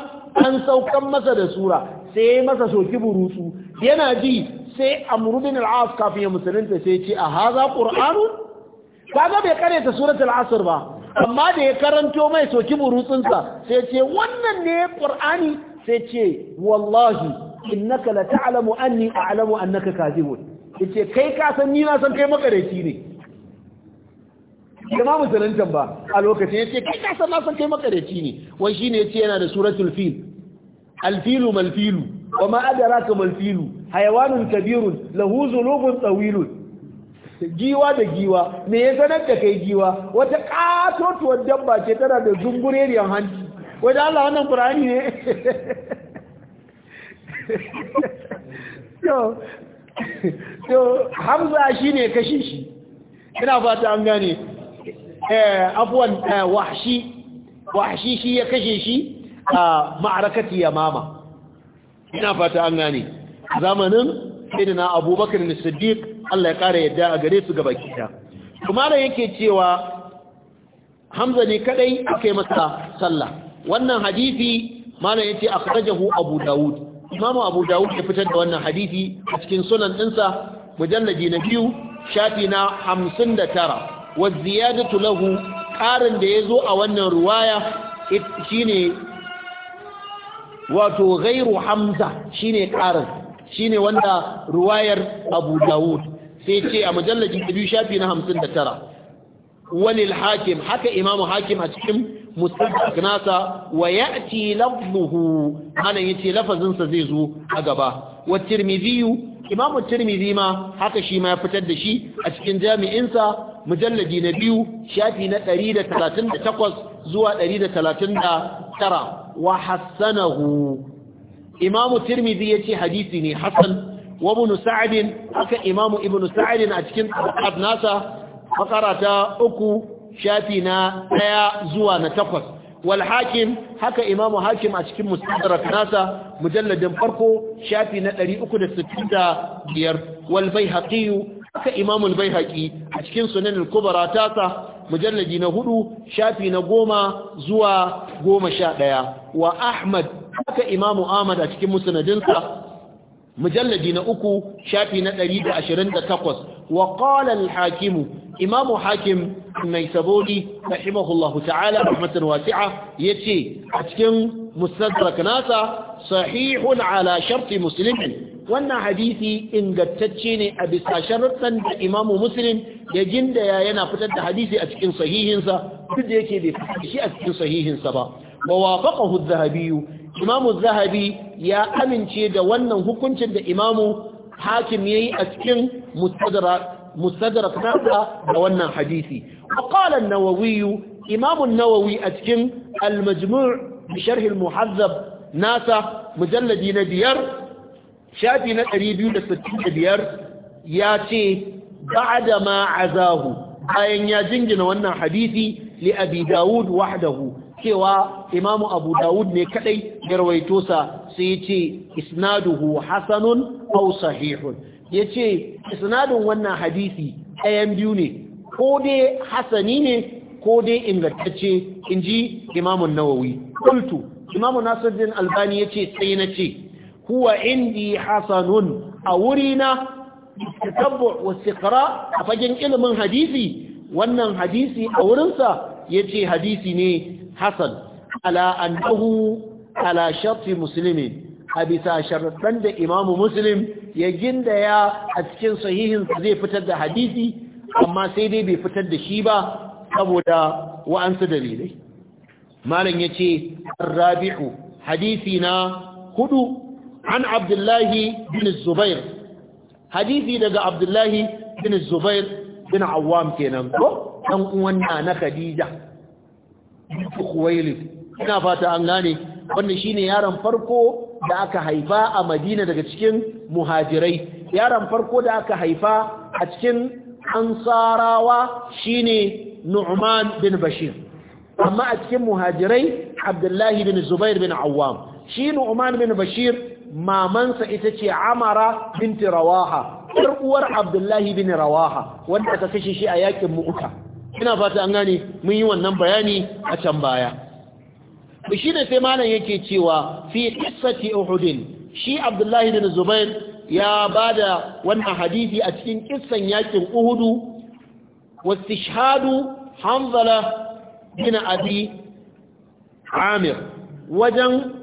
أنسوا كم مسد سورة سيما سوكي بروسو ينادي sai amru bin al-as kafin ya musulunta sai ce a haza qur'anun kaga bai kare ta suratul asr ba amma da ya karanto mai soki burutsunsa sai ce wannan ne qur'ani sai ce wallahi innaka la ta'lamu anni a'lamu annaka kadhibun yace kai ka san ni na san kai makareci ne kuma musuluntan ba a lokacin yace kai ka san na san kai makareci ne wai shine yace yana da suratul fil alfilu malfilu wama adraka malfilu hayawanun kabirun lahu zulubun tawilun giwa da giwa me ya sanar da kai giwa wata katotuwar dabba ce tana da zungureriyar hanci wajen Allah wannan burani ne to hamza shi ne kashe shi ina fata an gane eh, afuwan eh, wahshi wahshi shi ya kashe shi a ma'arakati ya mama ina fata an gane zamanin idina abubakar siddiq Allah ya ƙara yadda a gare su gaba kita kuma yake cewa hamza ne kadai aka yi masa sallah wannan hadisi malam yace akhrajahu abu daud imam abu daud ya fitar da wannan hadisi a cikin sunan dinsa mujallaji na biyu shafi na 59 wa ziyadatu lahu karin da yazo a wannan riwaya shine wato ghairu hamza shine karin shine wanda riwayar abu daud sai ce a mujallaji da biyu shafi na hamsin da tara walil hakim haka imamu hakim a cikin mustadrak nasa wa ce lafzuhu anan yace ce sa zai zo a gaba wa tirmidhi imamu tirmidhi ma haka shi ma ya fitar da shi a cikin jami'insa sa na biyu shafi na 138 zuwa 139 wa hassanahu imamu tirmidhi yace hadisi ne Hassan. wa ibn sa'd haka imamu ibn sa'd a cikin tabaqat nasa fakara uku shafi na ɗaya zuwa na takwas wal hakim haka imamu hakim a cikin mustadrak nasa mujalladin farko shafi na biyar wal baihaqi haka imamu albayhaqi a cikin sunan al-kubra tasa mujalladi na hudu shafi na goma zuwa goma sha ɗaya wa ahmad haka imamu ahmad a cikin musnadinsa mujalladi na uku shafi na ɗari da 128 wa qala al-hakim imam hakim mai sabodi rahimahullahu ta'ala rahmatan wasi'a ce a cikin mustadrak nasa sahihun ala sharti muslim wannan hadisi ingantacce ne a bisa sharuɗan da imam muslim ya gindaya yana fitar da hadisi a cikin sahihinsa duk da yake bai shi a cikin sahihinsa ba wa wafaqahu adh imamu zahabi ya amince da wannan hukuncin da imamu hakim yi a cikin mustadrak nasa da wannan hadisi wa nawawiyu imamun nawawi a cikin al-majmu' muhazzab nasa mujalladi na biyar shafi na 265 ya ce da ma azahu bayan ya jingina wannan hadisi li abi wahdahu cewa imamu abu dawud ne kadai ya rawaito sa sai ya ce isnaduhu hasanun aw sahihun ya ce isnadun wannan hadisi ɗayan biyu ne ko dai hasani ne ko dai ingantacce in ji imamun nawawi kultu imamu nasiruddin albani ya ce sai na ce huwa indi hasanun a wurina tatabbu wa a fagen ilimin hadisi wannan hadisi a wurinsa yace hadisi ne hasan ala annahu ala sharti muslimin a bisa sharaɗan da imamu muslim ya gindaya a cikin sahihin zai fitar da hadisi amma sai dai bai fitar da shi ba saboda wa'ansu dalilai malam ya ce rabi'u hadisi na hudu an abdullahi bin zubair hadisi daga abdullahi bin zubair bin awwam kenan ko ɗan uwan na na khadija kuwailin ina fata an gane wannan shine yaron farko da aka haifa a Madina daga cikin muhajirai yaron farko da aka haifa a cikin ansarawa shine Nu'man bin Bashir amma a cikin muhajirai Abdullahi bin Zubair bin Awwam shi Nu'man bin Bashir mamansa ita ce Amara binti Rawaha ƴar uwar Abdullahi bin Rawaha wanda aka kashe shi a yakin Mu'ta ina fata an gane mun yi wannan bayani a can baya to shi sai malam yake cewa fi qissati uhudin shi abdullahi bin zubair ya bada wannan hadisi a cikin kissan yakin uhudu wastishhadu hanzala bin abi amir wajen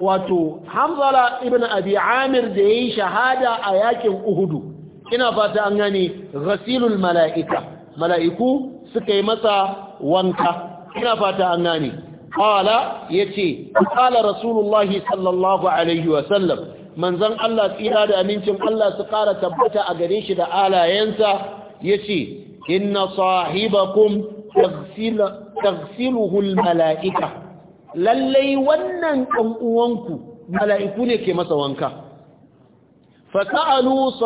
wato hanzala ibn abi amir da yayi shahada a yakin uhudu ina fata an gane ghasilul mala'ika mala'iku suka yi masa wanka ina fata an gane qala yace qala rasulullahi sallallahu alaihi wa sallam manzon Allah tsira da amincin Allah su ƙara tabbata a gare shi da alayensa yace inna sahibakum taghsiluhu almalaika lallai wannan ɗan uwanku mala'iku ne ke masa wanka fasa'alu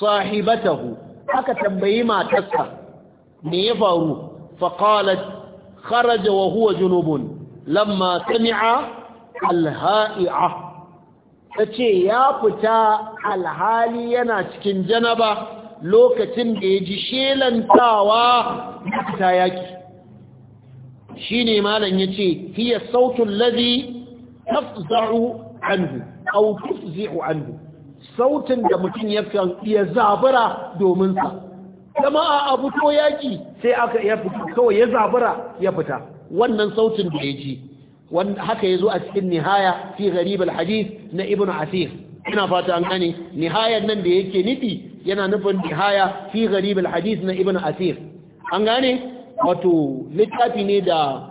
sahibatahu aka tambayi matarsa me ya faru faqalat kharaja wa huwa junubun lamma sami'a alha'i'a ya fita alhali yana cikin janaba lokacin da ya ji shelantawa ta yaki shine malam yace hiya sautul ladhi tafza'u anhu aw tufzi'u anhu sautin da mutum yakan iya zabura domin sa jama'a a to yaki sai aka ya fito kawai ya zabura ya fita wannan sautin da ya ji haka ya zo a cikin nihaya fi gharib alhadith na ibn asir ina fata an gane nan da yake nufi yana nufin nihaya fi gharib alhadith na ibn asir an gane wato littafi ne da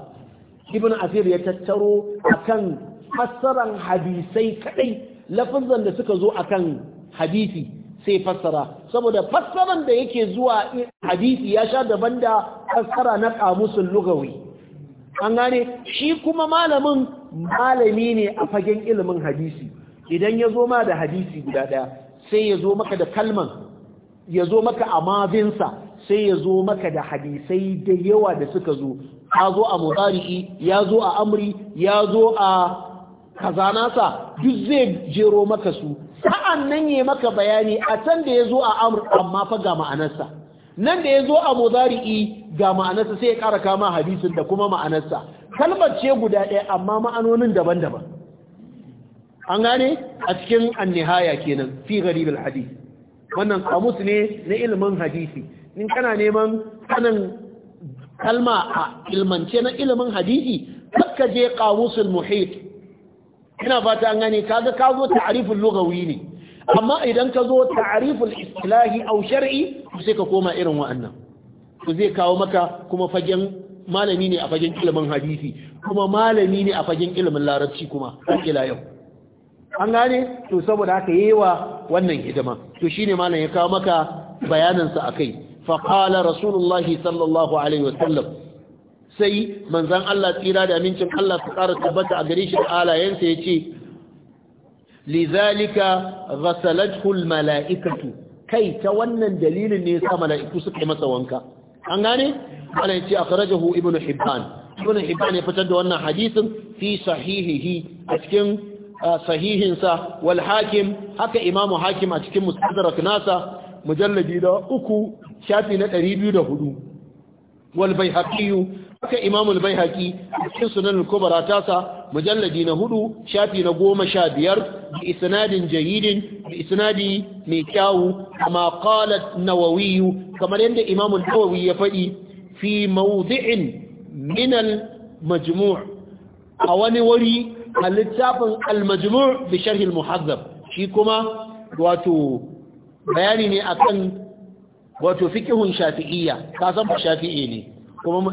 ibn asir ya tattaro akan fassaran hadisai kadai lafazan da suka zo akan hadisi sai fassara saboda fassaran da yake zuwa hadisi ya sha daban da fassara na kamusin lugawi an gane shi kuma malamin malami ne a fagen ilimin hadisi idan ya zo ma da hadisi guda ɗaya sai ya zo maka da kalman ya zo maka a mazinsa sai ya zo maka da hadisai da yawa da suka zo ya zo a mutari'i ya zo a amri ya zo a kazanasa duk zai jero maka su sa'an nan ya maka bayani a can da ya zo a amur amma fa ga ma'anarsa nan da ya zo a mozari'i ga ma'anarsa sai ya ƙara kama hadisin da kuma ma'anarsa kalmar ce guda ɗaya amma ma'anonin daban-daban an gane a cikin annihaya kenan fi garibin hadisi wannan kamus ne na ilimin hadisi in kana neman sanin kalma a ilmance na ilimin hadisi kakka je kamusul muhit ina fata an gane kaga ka zo ta'arifin lughawi ne amma idan ka zo ta'arifin istilahi aw shar'i sai ka koma irin wa'annan to zai kawo maka kuma fagen malami ne a fagen ilimin hadisi kuma malami ne a fagen ilimin larabci kuma ila yau an gane to saboda haka yewa wannan hidima to shine malam ya kawo maka bayanansa a akai fa qala rasulullahi sallallahu alaihi wasallam sai manzan Allah tsira da amincin Allah su ƙara tabbata a gare shi da alayensa ya ce lizalika ghasalatuhul mala'ikatu kai ta wannan dalilin ne sa mala'iku suka yi masa wanka an gane ana yace akhrajahu ibnu hibban ibnu hibban ya fitar da wannan hadisin fi sahihihi a cikin sahihinsa wal hakim haka imamu hakim a cikin mustadrak nasa mujalladi da uku shafi na 204 wal bayhaqiyu haka imamul bai haƙi cikin sunan kubara tasa mujalladi na hudu shafi na goma sha biyar bi isnadin jaridin bi isnadi mai kyawu kama qalat nawawiyu kamar yadda imamul nawawi ya faɗi fi mawdi'in min al majmu' a wani wuri a littafin al majmu' bi sharh al muhazzab shi kuma wato bayani ne akan wato fiqhun shafi'iyya ka san shafi'i ne kuma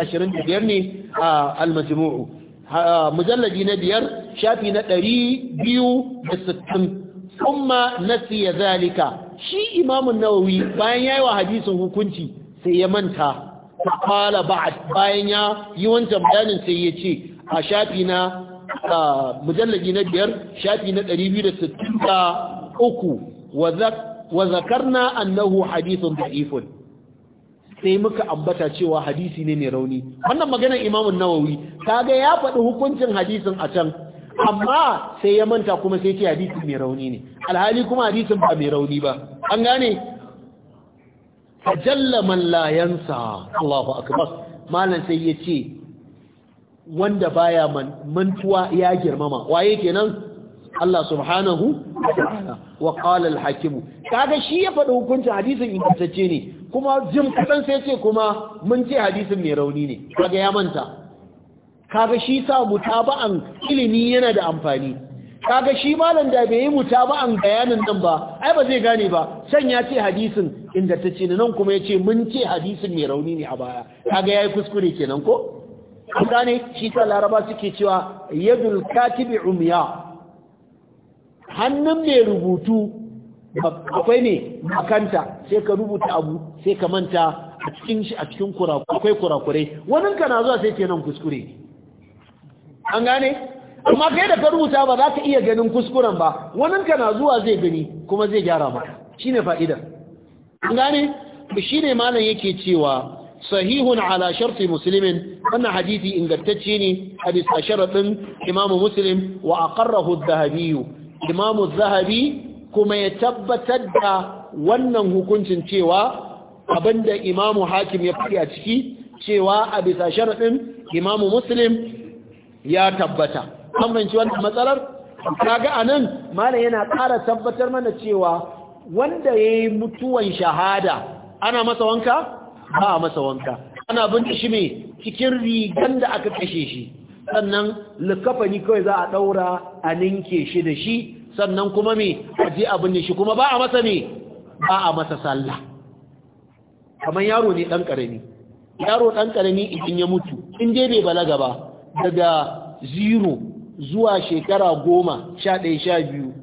ashirin da biyar ne a al-majmu'u mujalladi na biyar shafi na ɗari biyu da 260 kuma nasiya zalika shi imamun nawawi bayan ya yi wa hadisin hukunci sai ya manta qala ba'd bayan ya yi wancan bayanin sai ya ce a shafi na mujalladi na biyar shafi na ɗari biyu da sittin 263 wa zakarna annahu hadithun da'ifun sai muka ambata cewa hadisi ne mai rauni wannan maganar imamun nawawi kaga ya faɗi hukuncin hadisin a can amma sai ya manta kuma sai ce hadisi mai rauni ne alhali kuma hadisin ba mai rauni ba an gane ajalla man la Allahu akbar malan sai ya ce wanda baya mantuwa ya girmama waye kenan Allah subhanahu wa ta'ala wa qala al-hakim kaga shi ya faɗi hukuncin hadisin ingantacce ne kuma jim kadan sai ce kuma mun ce hadisin mai rauni ne kaga ya manta kaga shi sa mutaba'an ilimi yana da amfani kaga shi malam da bai yi mutaba'an bayanin nan ba ai ba zai gane ba san ya ce hadisin inda ta ce nan kuma ya ce mun ce hadisin mai rauni ne a baya kaga yayi kuskure kenan ko an gane shi sa laraba suke cewa yadul katibi umya hannun mai rubutu akwai ne makanta sai ka rubuta abu sai ka manta a cikin shi a cikin akwai kurakurai wani ka na zuwa sai ke nan kuskure an gane amma kai da ka rubuta ba za ka iya ganin kuskuren ba wani ka na zuwa zai gani kuma zai gyara ma shine fa'idar an gane shine malam yake cewa sahihun ala sharti muslimin wannan hadisi ingantacce ne hadis a sharadin imamu muslim wa aqarrahu adh-dhahabi imamu adh-dhahabi kuma ya tabbatar da wannan hukuncin cewa abinda imamu hakim ya faɗi a ciki cewa a bisa sharaɗin imamu muslim ya tabbata amince wannan matsalar kaga anan malam yana ƙara tabbatar mana cewa wanda yayi mutuwan shahada ana masa wanka ba a masa wanka ana binci shi me cikin rigan da aka kashe shi sannan likafani kawai za a daura a ninke shi da shi sannan kuma me waje abin shi kuma ba a masa ne ba a masa sallah kamar yaro ne dan karami yaro dan karami idan ya mutu in dai bai balaga ba daga zero zuwa shekara goma sha ɗaya sha biyu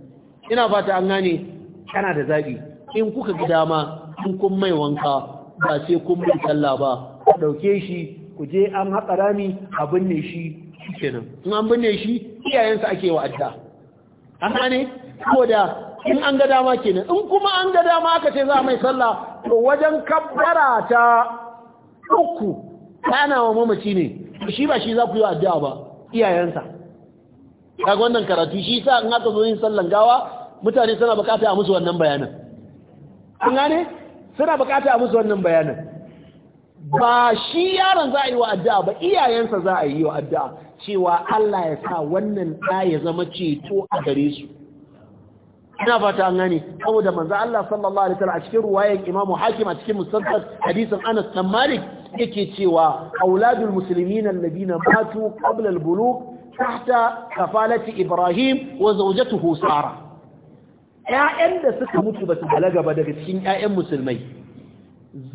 ina fata an gane kana da zaɓi in kuka ga dama in kun mai wanka ba sai kun bi sallah ba ku ɗauke shi ku je an haƙa rami a binne shi kenan in an binne shi iyayensa ake wa adda an gane da in an ga dama kenan in kuma an ga dama aka ce za a mai sallah to wajen kabbara ta uku kana wa mamaci ne shi ba shi za ku yi addu'a ba iyayensa kaga wannan karatu shi sa in aka zo yin sallan gawa mutane suna bukata a musu wannan bayanan an gane suna bukata a musu wannan bayanan ba shi yaron za a yi wa addu'a ba iyayensa za a yi wa addu'a cewa Allah ya sa wannan ɗa ya zama ceto a gare su ina fata an gane saboda manzan Allah sallallahu alaihi a cikin ruwayar Imam Hakim a cikin musaddad hadisin Anas bin Malik yake cewa auladul muslimin na matu batu, al buluk, tahta kafalati Ibrahim wa waje Sara yayan da suka mutu ba su balaga ba daga cikin ya'yan musulmai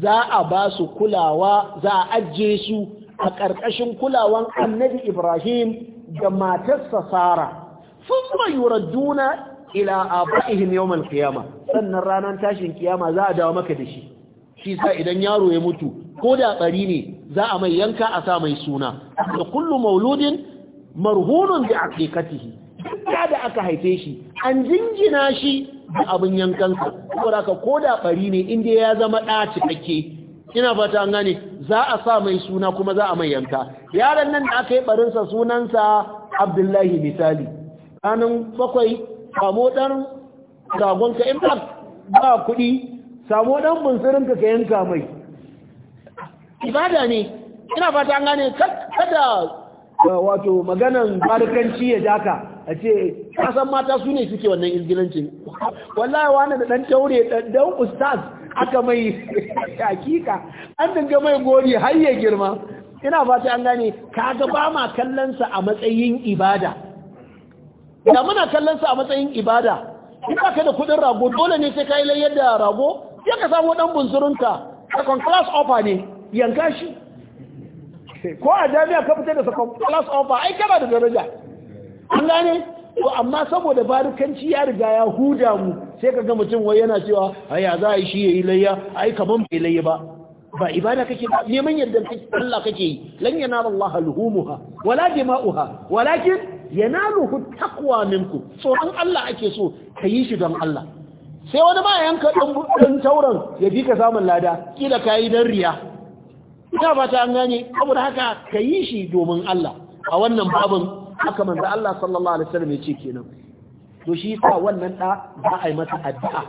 za a ba su kulawa za a ajiye su a ƙarƙashin kulawan annabi Ibrahim da matarsa Sara sun mayura duna ila abaihim yawmal qiyama sannan ranar tashin kiyama za a dawo maka da shi shi sa idan yaro ya mutu ko da bari ne za a mai yanka a sa mai suna da kullu mauludin marhunun bi aqiqatihi da da aka haife shi an jinjina shi da abin yankansa saboda ka ko da bari ne inda ya zama ɗa cikakke ina fata an gane za a sa mai suna kuma za a mai yanka yaron nan da aka yi barinsa sunansa abdullahi misali ranar bakwai samo ɗan ka in ba kuɗi samo ɗan bunsirinka ka yanka mai ibada ne ina fata an gane kada eh, wato maganan barkanci ya jaka a ce kasan mata su ne suke wannan izgilancin wallahi wani da ɗan taure ɗan ustaz aka mai hakika an dinga mai gori har ya girma ina fata an gane kaga ba ma kallonsa a matsayin ibada da muna kallonsa a matsayin ibada in ka da kudin rago dole ne sai ka yi layyar da rago sai ka samu dan bunsurunka second class offer ne yanka shi ko a jami'a ka fita da second class offer ai kana da daraja an gane to amma saboda barikanci ya riga ya huda mu sai ka ga mutum wai yana cewa haya za a yi shi ya yi layya ai kaman bai layya ba ba ibada kake ba neman kake Allah kake yi lan yanala Allah alhumuha wala dima'uha walakin yanaluhu taqwa minku tsoron Allah ake so ka yi shi don Allah sai wani ma yanka dan tauran ya bi ka samun lada kila kayi dan riya ina fata an gane saboda haka ka yi shi domin Allah a wannan babin haka manzo Allah sallallahu alaihi wasallam yace kenan to shi sa wannan da ba a yi masa addu'a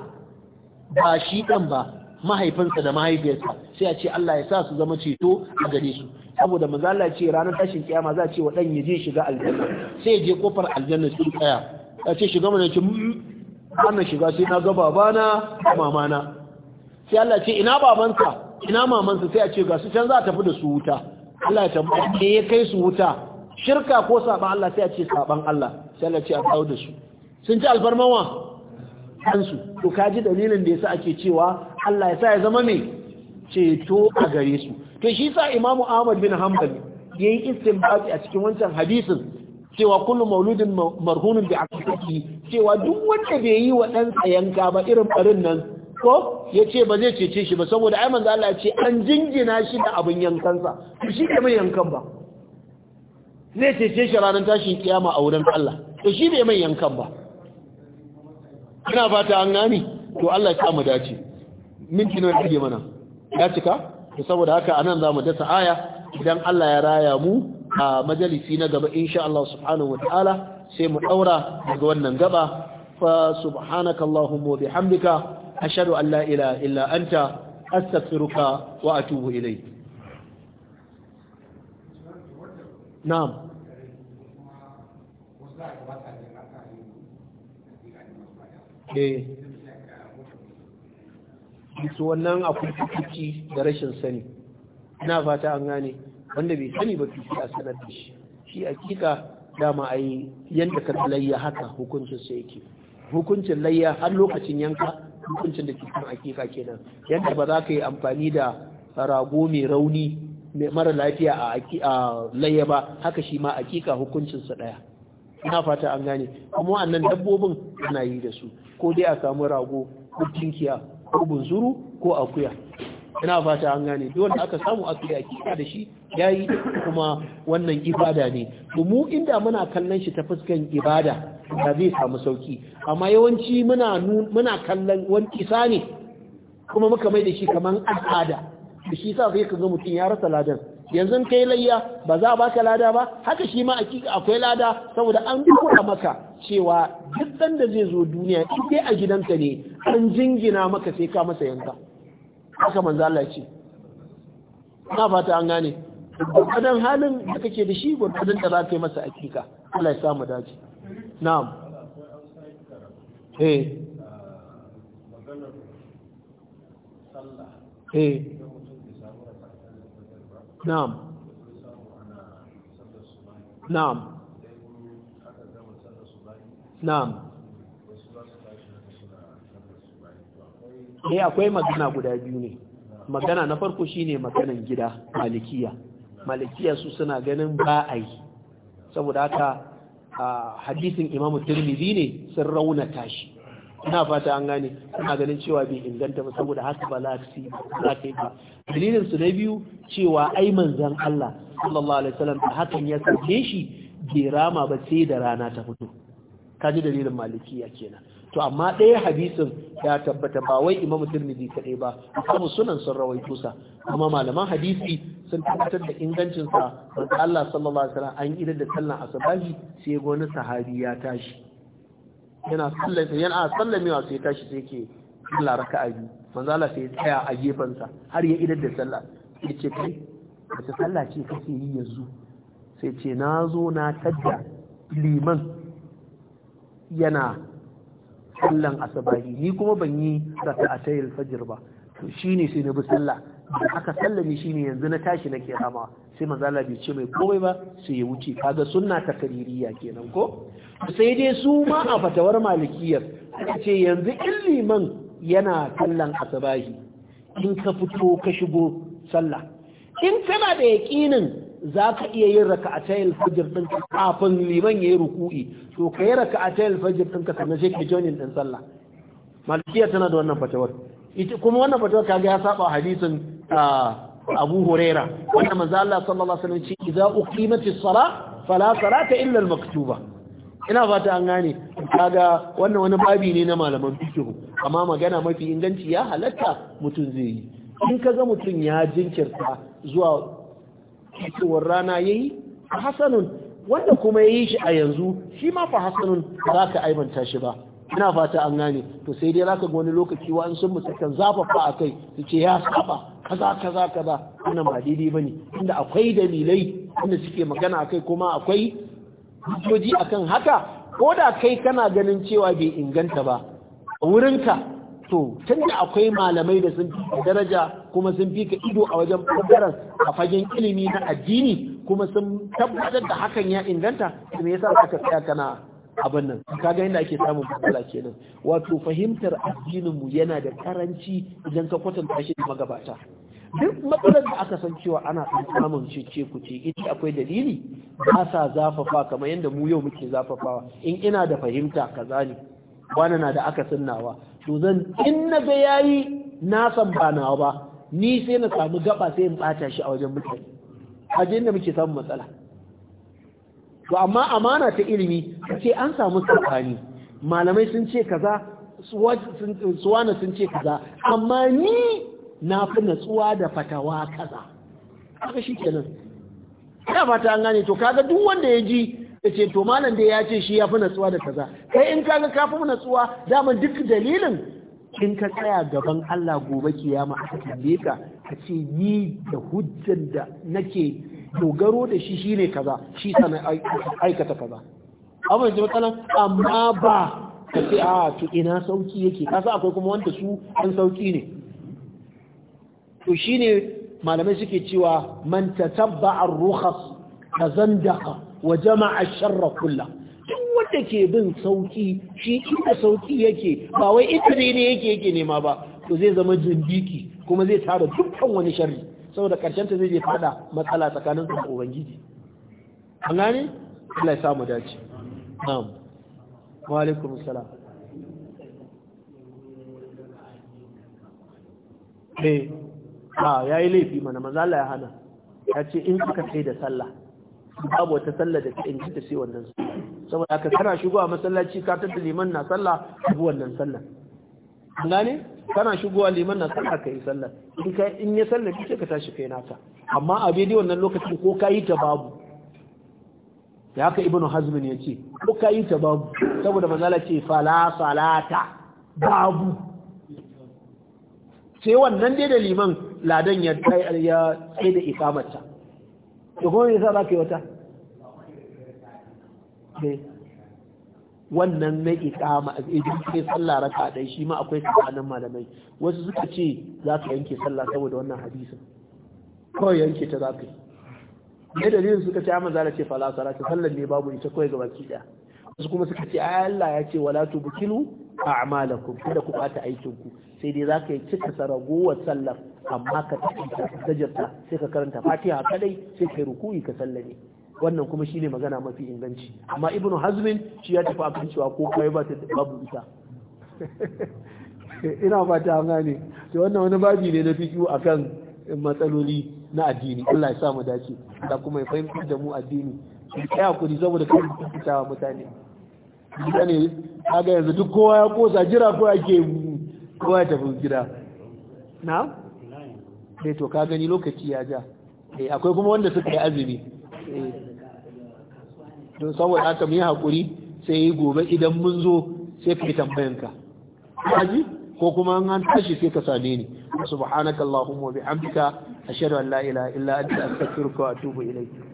ba shi dan ba mahaifinsa da mahaifiyarsa sai a ce Allah ya sa su zama ceto a gare su saboda manzo Allah ce ranar tashin kiyama za a ce wa dan ya je shiga aljanna sai ya je kofar aljanna sun tsaya a ce shiga mana ce mm, wannan shiga sai na ga babana da mamana sai Allah ce ina babanka ina mamansa sai a ce ga su can za a tafi da su wuta Allah ya tambaye me ya kai su wuta shirka ko saban Allah sai a ce saban Allah sai Allah ce a kawo da su sun ci alfarmawa kansu to kaji dalilin da ya yasa ake cewa Allah ya sa ya zama mai ceto a gare su to shi sa Imam Ahmad bin Hanbal yayi istinbati a cikin wancan hadisin cewa kullum mauludin marhunun bi saki cewa duk wanda bai yi wa dan yanka ba irin barin nan ko ya ce ba zai cece shi ba saboda ai manzo Allah ya ce an jingina shi da abun yankansa shi ke mai yankan ba zai cece shi ranar tashin kiyama a wurin Allah to shi bai mai yankan ba ina fata an gani to Allah ya mu dace minti nawa kike mana ya cika to saboda haka anan zamu dasa aya idan Allah ya raya mu a majalisi na gaba insha Allah subhanahu wataala sai mu daura daga wannan gaba fa subhanakallahumma wa bihamdika ashhadu an la ilaha illa anta astaghfiruka wa atubu ilayk na'am eh su wannan akwai fiki da rashin sani ina fata an gane wanda bai sani ba fiki a sanar da shi shi hakika dama ai yanda ka layya haka hukuncin sai yake hukuncin layya har lokacin yanka hukuncin da cikin hakika kenan yadda ba za ka yi amfani da rago mai rauni mara lafiya a laye ba haka shi ma akika hukuncinsa ɗaya ina fata an gane kuma wannan dabbobin ana yi da su ko dai a samu rago ko tinkiya ko bunzuru ko akuya ina fata an gane duk wanda aka samu aka yi akika da shi yayi kuma wannan ibada ne mu inda muna kallon shi ta fuskan ibada da zai samu sauki amma yawanci muna muna kallon wani kisa ne kuma muka mai da shi kaman al'ada da shi sa sai ka ga mutum ya rasa ladan yanzu kai layya ba za a baka lada ba haka shi ma akwai lada saboda an kura maka cewa duk dan da zai zo duniya in dai a gidanka ne an jingina maka sai ka masa yanka haka manzo Allah ce na fata an gane gwargwadon halin da kake da shi gurbin da za ka yi masa hakika Allah ya samu dace na'am eh eh na'am na'am na'am eh akwai magana guda biyu ne magana na farko shine maganan gida malikiya malikiya su suna ganin ba a yi saboda haka ah, hadisin imamu tirmidhi ne sun raunata shi ina fata an gane ina ganin cewa bai inganta ba saboda haka ba za ba yi ba dalilin su na biyu cewa ai manzon Allah sallallahu alaihi wasallam da hakan ya sauke shi bai rama ba sai da rana ta fito kaji dalilin malikiya kenan to amma ɗaya hadisin ya tabbata ba wai imam tirmidhi kaɗai ba kuma sunan sun rawaito sa kuma malaman hadisi sun tabbatar da ingancin sa Allah sallallahu alaihi wasallam an yi da sallan asabahi sai wani sahabi ya tashi yana sallata yana sallamewa sai tashi sai ke sallah a biyu manzo Allah sai tsaya a gefansa har ya idar da sallah sai ce kai wace sallah ce kake yi yanzu sai ce na zo na tadda liman yana sallan asabahi ni kuma ban yi raka'atayil fajr ba to shine sai na bi sallah aka sallame shi ne yanzu na tashi na kirama sai mazala bai ce mai komai ba sai ya wuce kaga sunna ta kaririya kenan ko sai dai su ma a fatawar malikiyar aka ce yanzu in liman yana kallon asabahi in ka fito ka shigo sallah in kana da yaƙinin za ka iya yin raka'atayil fajr din kafin liman yayi ruku'i to ka yi raka'atayil fajr din ka sannan sai ka joinin din sallah malikiya tana da wannan fatawar ita kuma wannan ka ga ya saba hadisin Abu Huraira wannan manzo Allah sallallahu alaihi wasallam ce idza uqimatis salah fala salata illa al-maktuba ina fata an gane kaga wannan wani babi ne na malaman fiqh amma magana mafi inganci ya halatta mutum zai yi in ka ga mutum ya jinkirta zuwa fitowar rana yayi hasanun wanda kuma yayi shi a yanzu shi ma fa hasanun ba ka aibanta shi ba ina fata an gane to sai dai zaka ga wani lokaci wa sun mutakan zafafa a kai su ce ya saba kaza kaza kaza ina ba daidai bane inda akwai dalilai inda suke magana akai kuma akwai hujjoji akan haka ko da kai kana ganin cewa bai inganta ba A wurinka to tunda akwai malamai da sun fi daraja kuma sun fi ka ido a wajen bangaren a fagen ilimi na addini kuma sun tabbatar da hakan ya inganta me yasa aka tsaya kana abin nan ka ga yadda ake samun matsala kenan wato fahimtar addinin mu yana da karanci idan ka kwatanta shi da magabata duk matsalar da aka san cewa ana samun cece ku ce ita akwai dalili ba sa zafafa kamar yadda mu yau muke zafafawa in ina da fahimta kaza ne wani na da aka nawa to zan in na ga yayi na san ba nawa ba ni sai na samu gaba sai in bata shi a wajen mutane a da muke samun matsala to amma amana ta ilimi ce an samu tsakani malamai sun ce kaza suwana sun ce kaza amma ni na fi natsuwa da fatawa kaza haka shi kenan ya fata an gane to kaga duk wanda ya ji ya ce to malam da ya ce shi ya fi natsuwa da kaza kai in kaga ka fi natsuwa dama duk dalilin in ka tsaya gaban Allah gobe kiyama aka tambaye ka ka ce ni da hujjar da nake dogaro da shi shine kaza shi sana aikata kaza abin da matsalan amma ba ka ce a to ina sauki yake kasa akwai kuma wanda su an sauki ne to shi ne malamai suke cewa man tatabba ar-rukhas zandaka wa jama'a sharra duk wanda ke bin sauki shi inda sauki yake ba wai ita ne yake yake nema ba to zai zama jindiki kuma zai tara dukkan wani sharri saboda karshen ta zai je fada matsala tsakanin su da ubangiji an gani? Allah ya sa mu dace na'am wa alaikum salaam. eh a yayi laifi mana manzo Allah ya hana ya ce in kuka kai da sallah babu wata sallah da ta inganta sai wannan saboda ka kana shigowa masallaci ka tada liman na sallah abu wannan sallah an gani kana shigowa liman na sallah kai sallah in ya in ya sallabi sai ka tashi kai naka amma a bidiyo wannan lokacin ko ka yi ta babu ya haka ibnu hazmin ya ce ko ka yi ta babu saboda manzala ce fala salata babu sai wannan dai da liman ladan ya ya tsaye da ikamarta to kuma yasa za ka yi wata eh. wannan na iqama idan kai sallah raka dai shi ma akwai tsakanin malamai wasu suka ce za ka yanke sallah saboda wannan hadisin kawai yanke ta za ka yi ne dalilin suka ce amma zara ce fala sala ta sallan ne babu ita kawai gaba ki wasu kuma suka ce ai Allah ya ce wala tubkilu a'malakum kada ku bata aikin ku sai dai za ka yi cika saragowar sallar amma ka tafi ta sai ka karanta fatiha kadai sai kai ruku'i ka sallame wannan kuma shine magana mafi inganci amma ibnu hazmin shi ya tafi akan cewa ko kai ba ta babu ita ina ba ta gane to wannan wani babi ne na fiqhu akan matsaloli na addini Allah ya sa mu dace da kuma ya fahimtar da mu addini kai kuri saboda kai wa mutane mutane kaga yanzu duk kowa ya kosa jira ko ake kowa ya tafi gida na dai eh, to ka gani lokaci ya ja eh, akwai kuma wanda suka yi azumi eh. don saboda haka mu yi hakuri sai yi gobe idan mun zo sai ka yi ka haji ko kuma an tashi sai ka same ni subhanakallahumma wa bihamdika ashhadu an la ilaha illa anta astaghfiruka wa atubu ilayk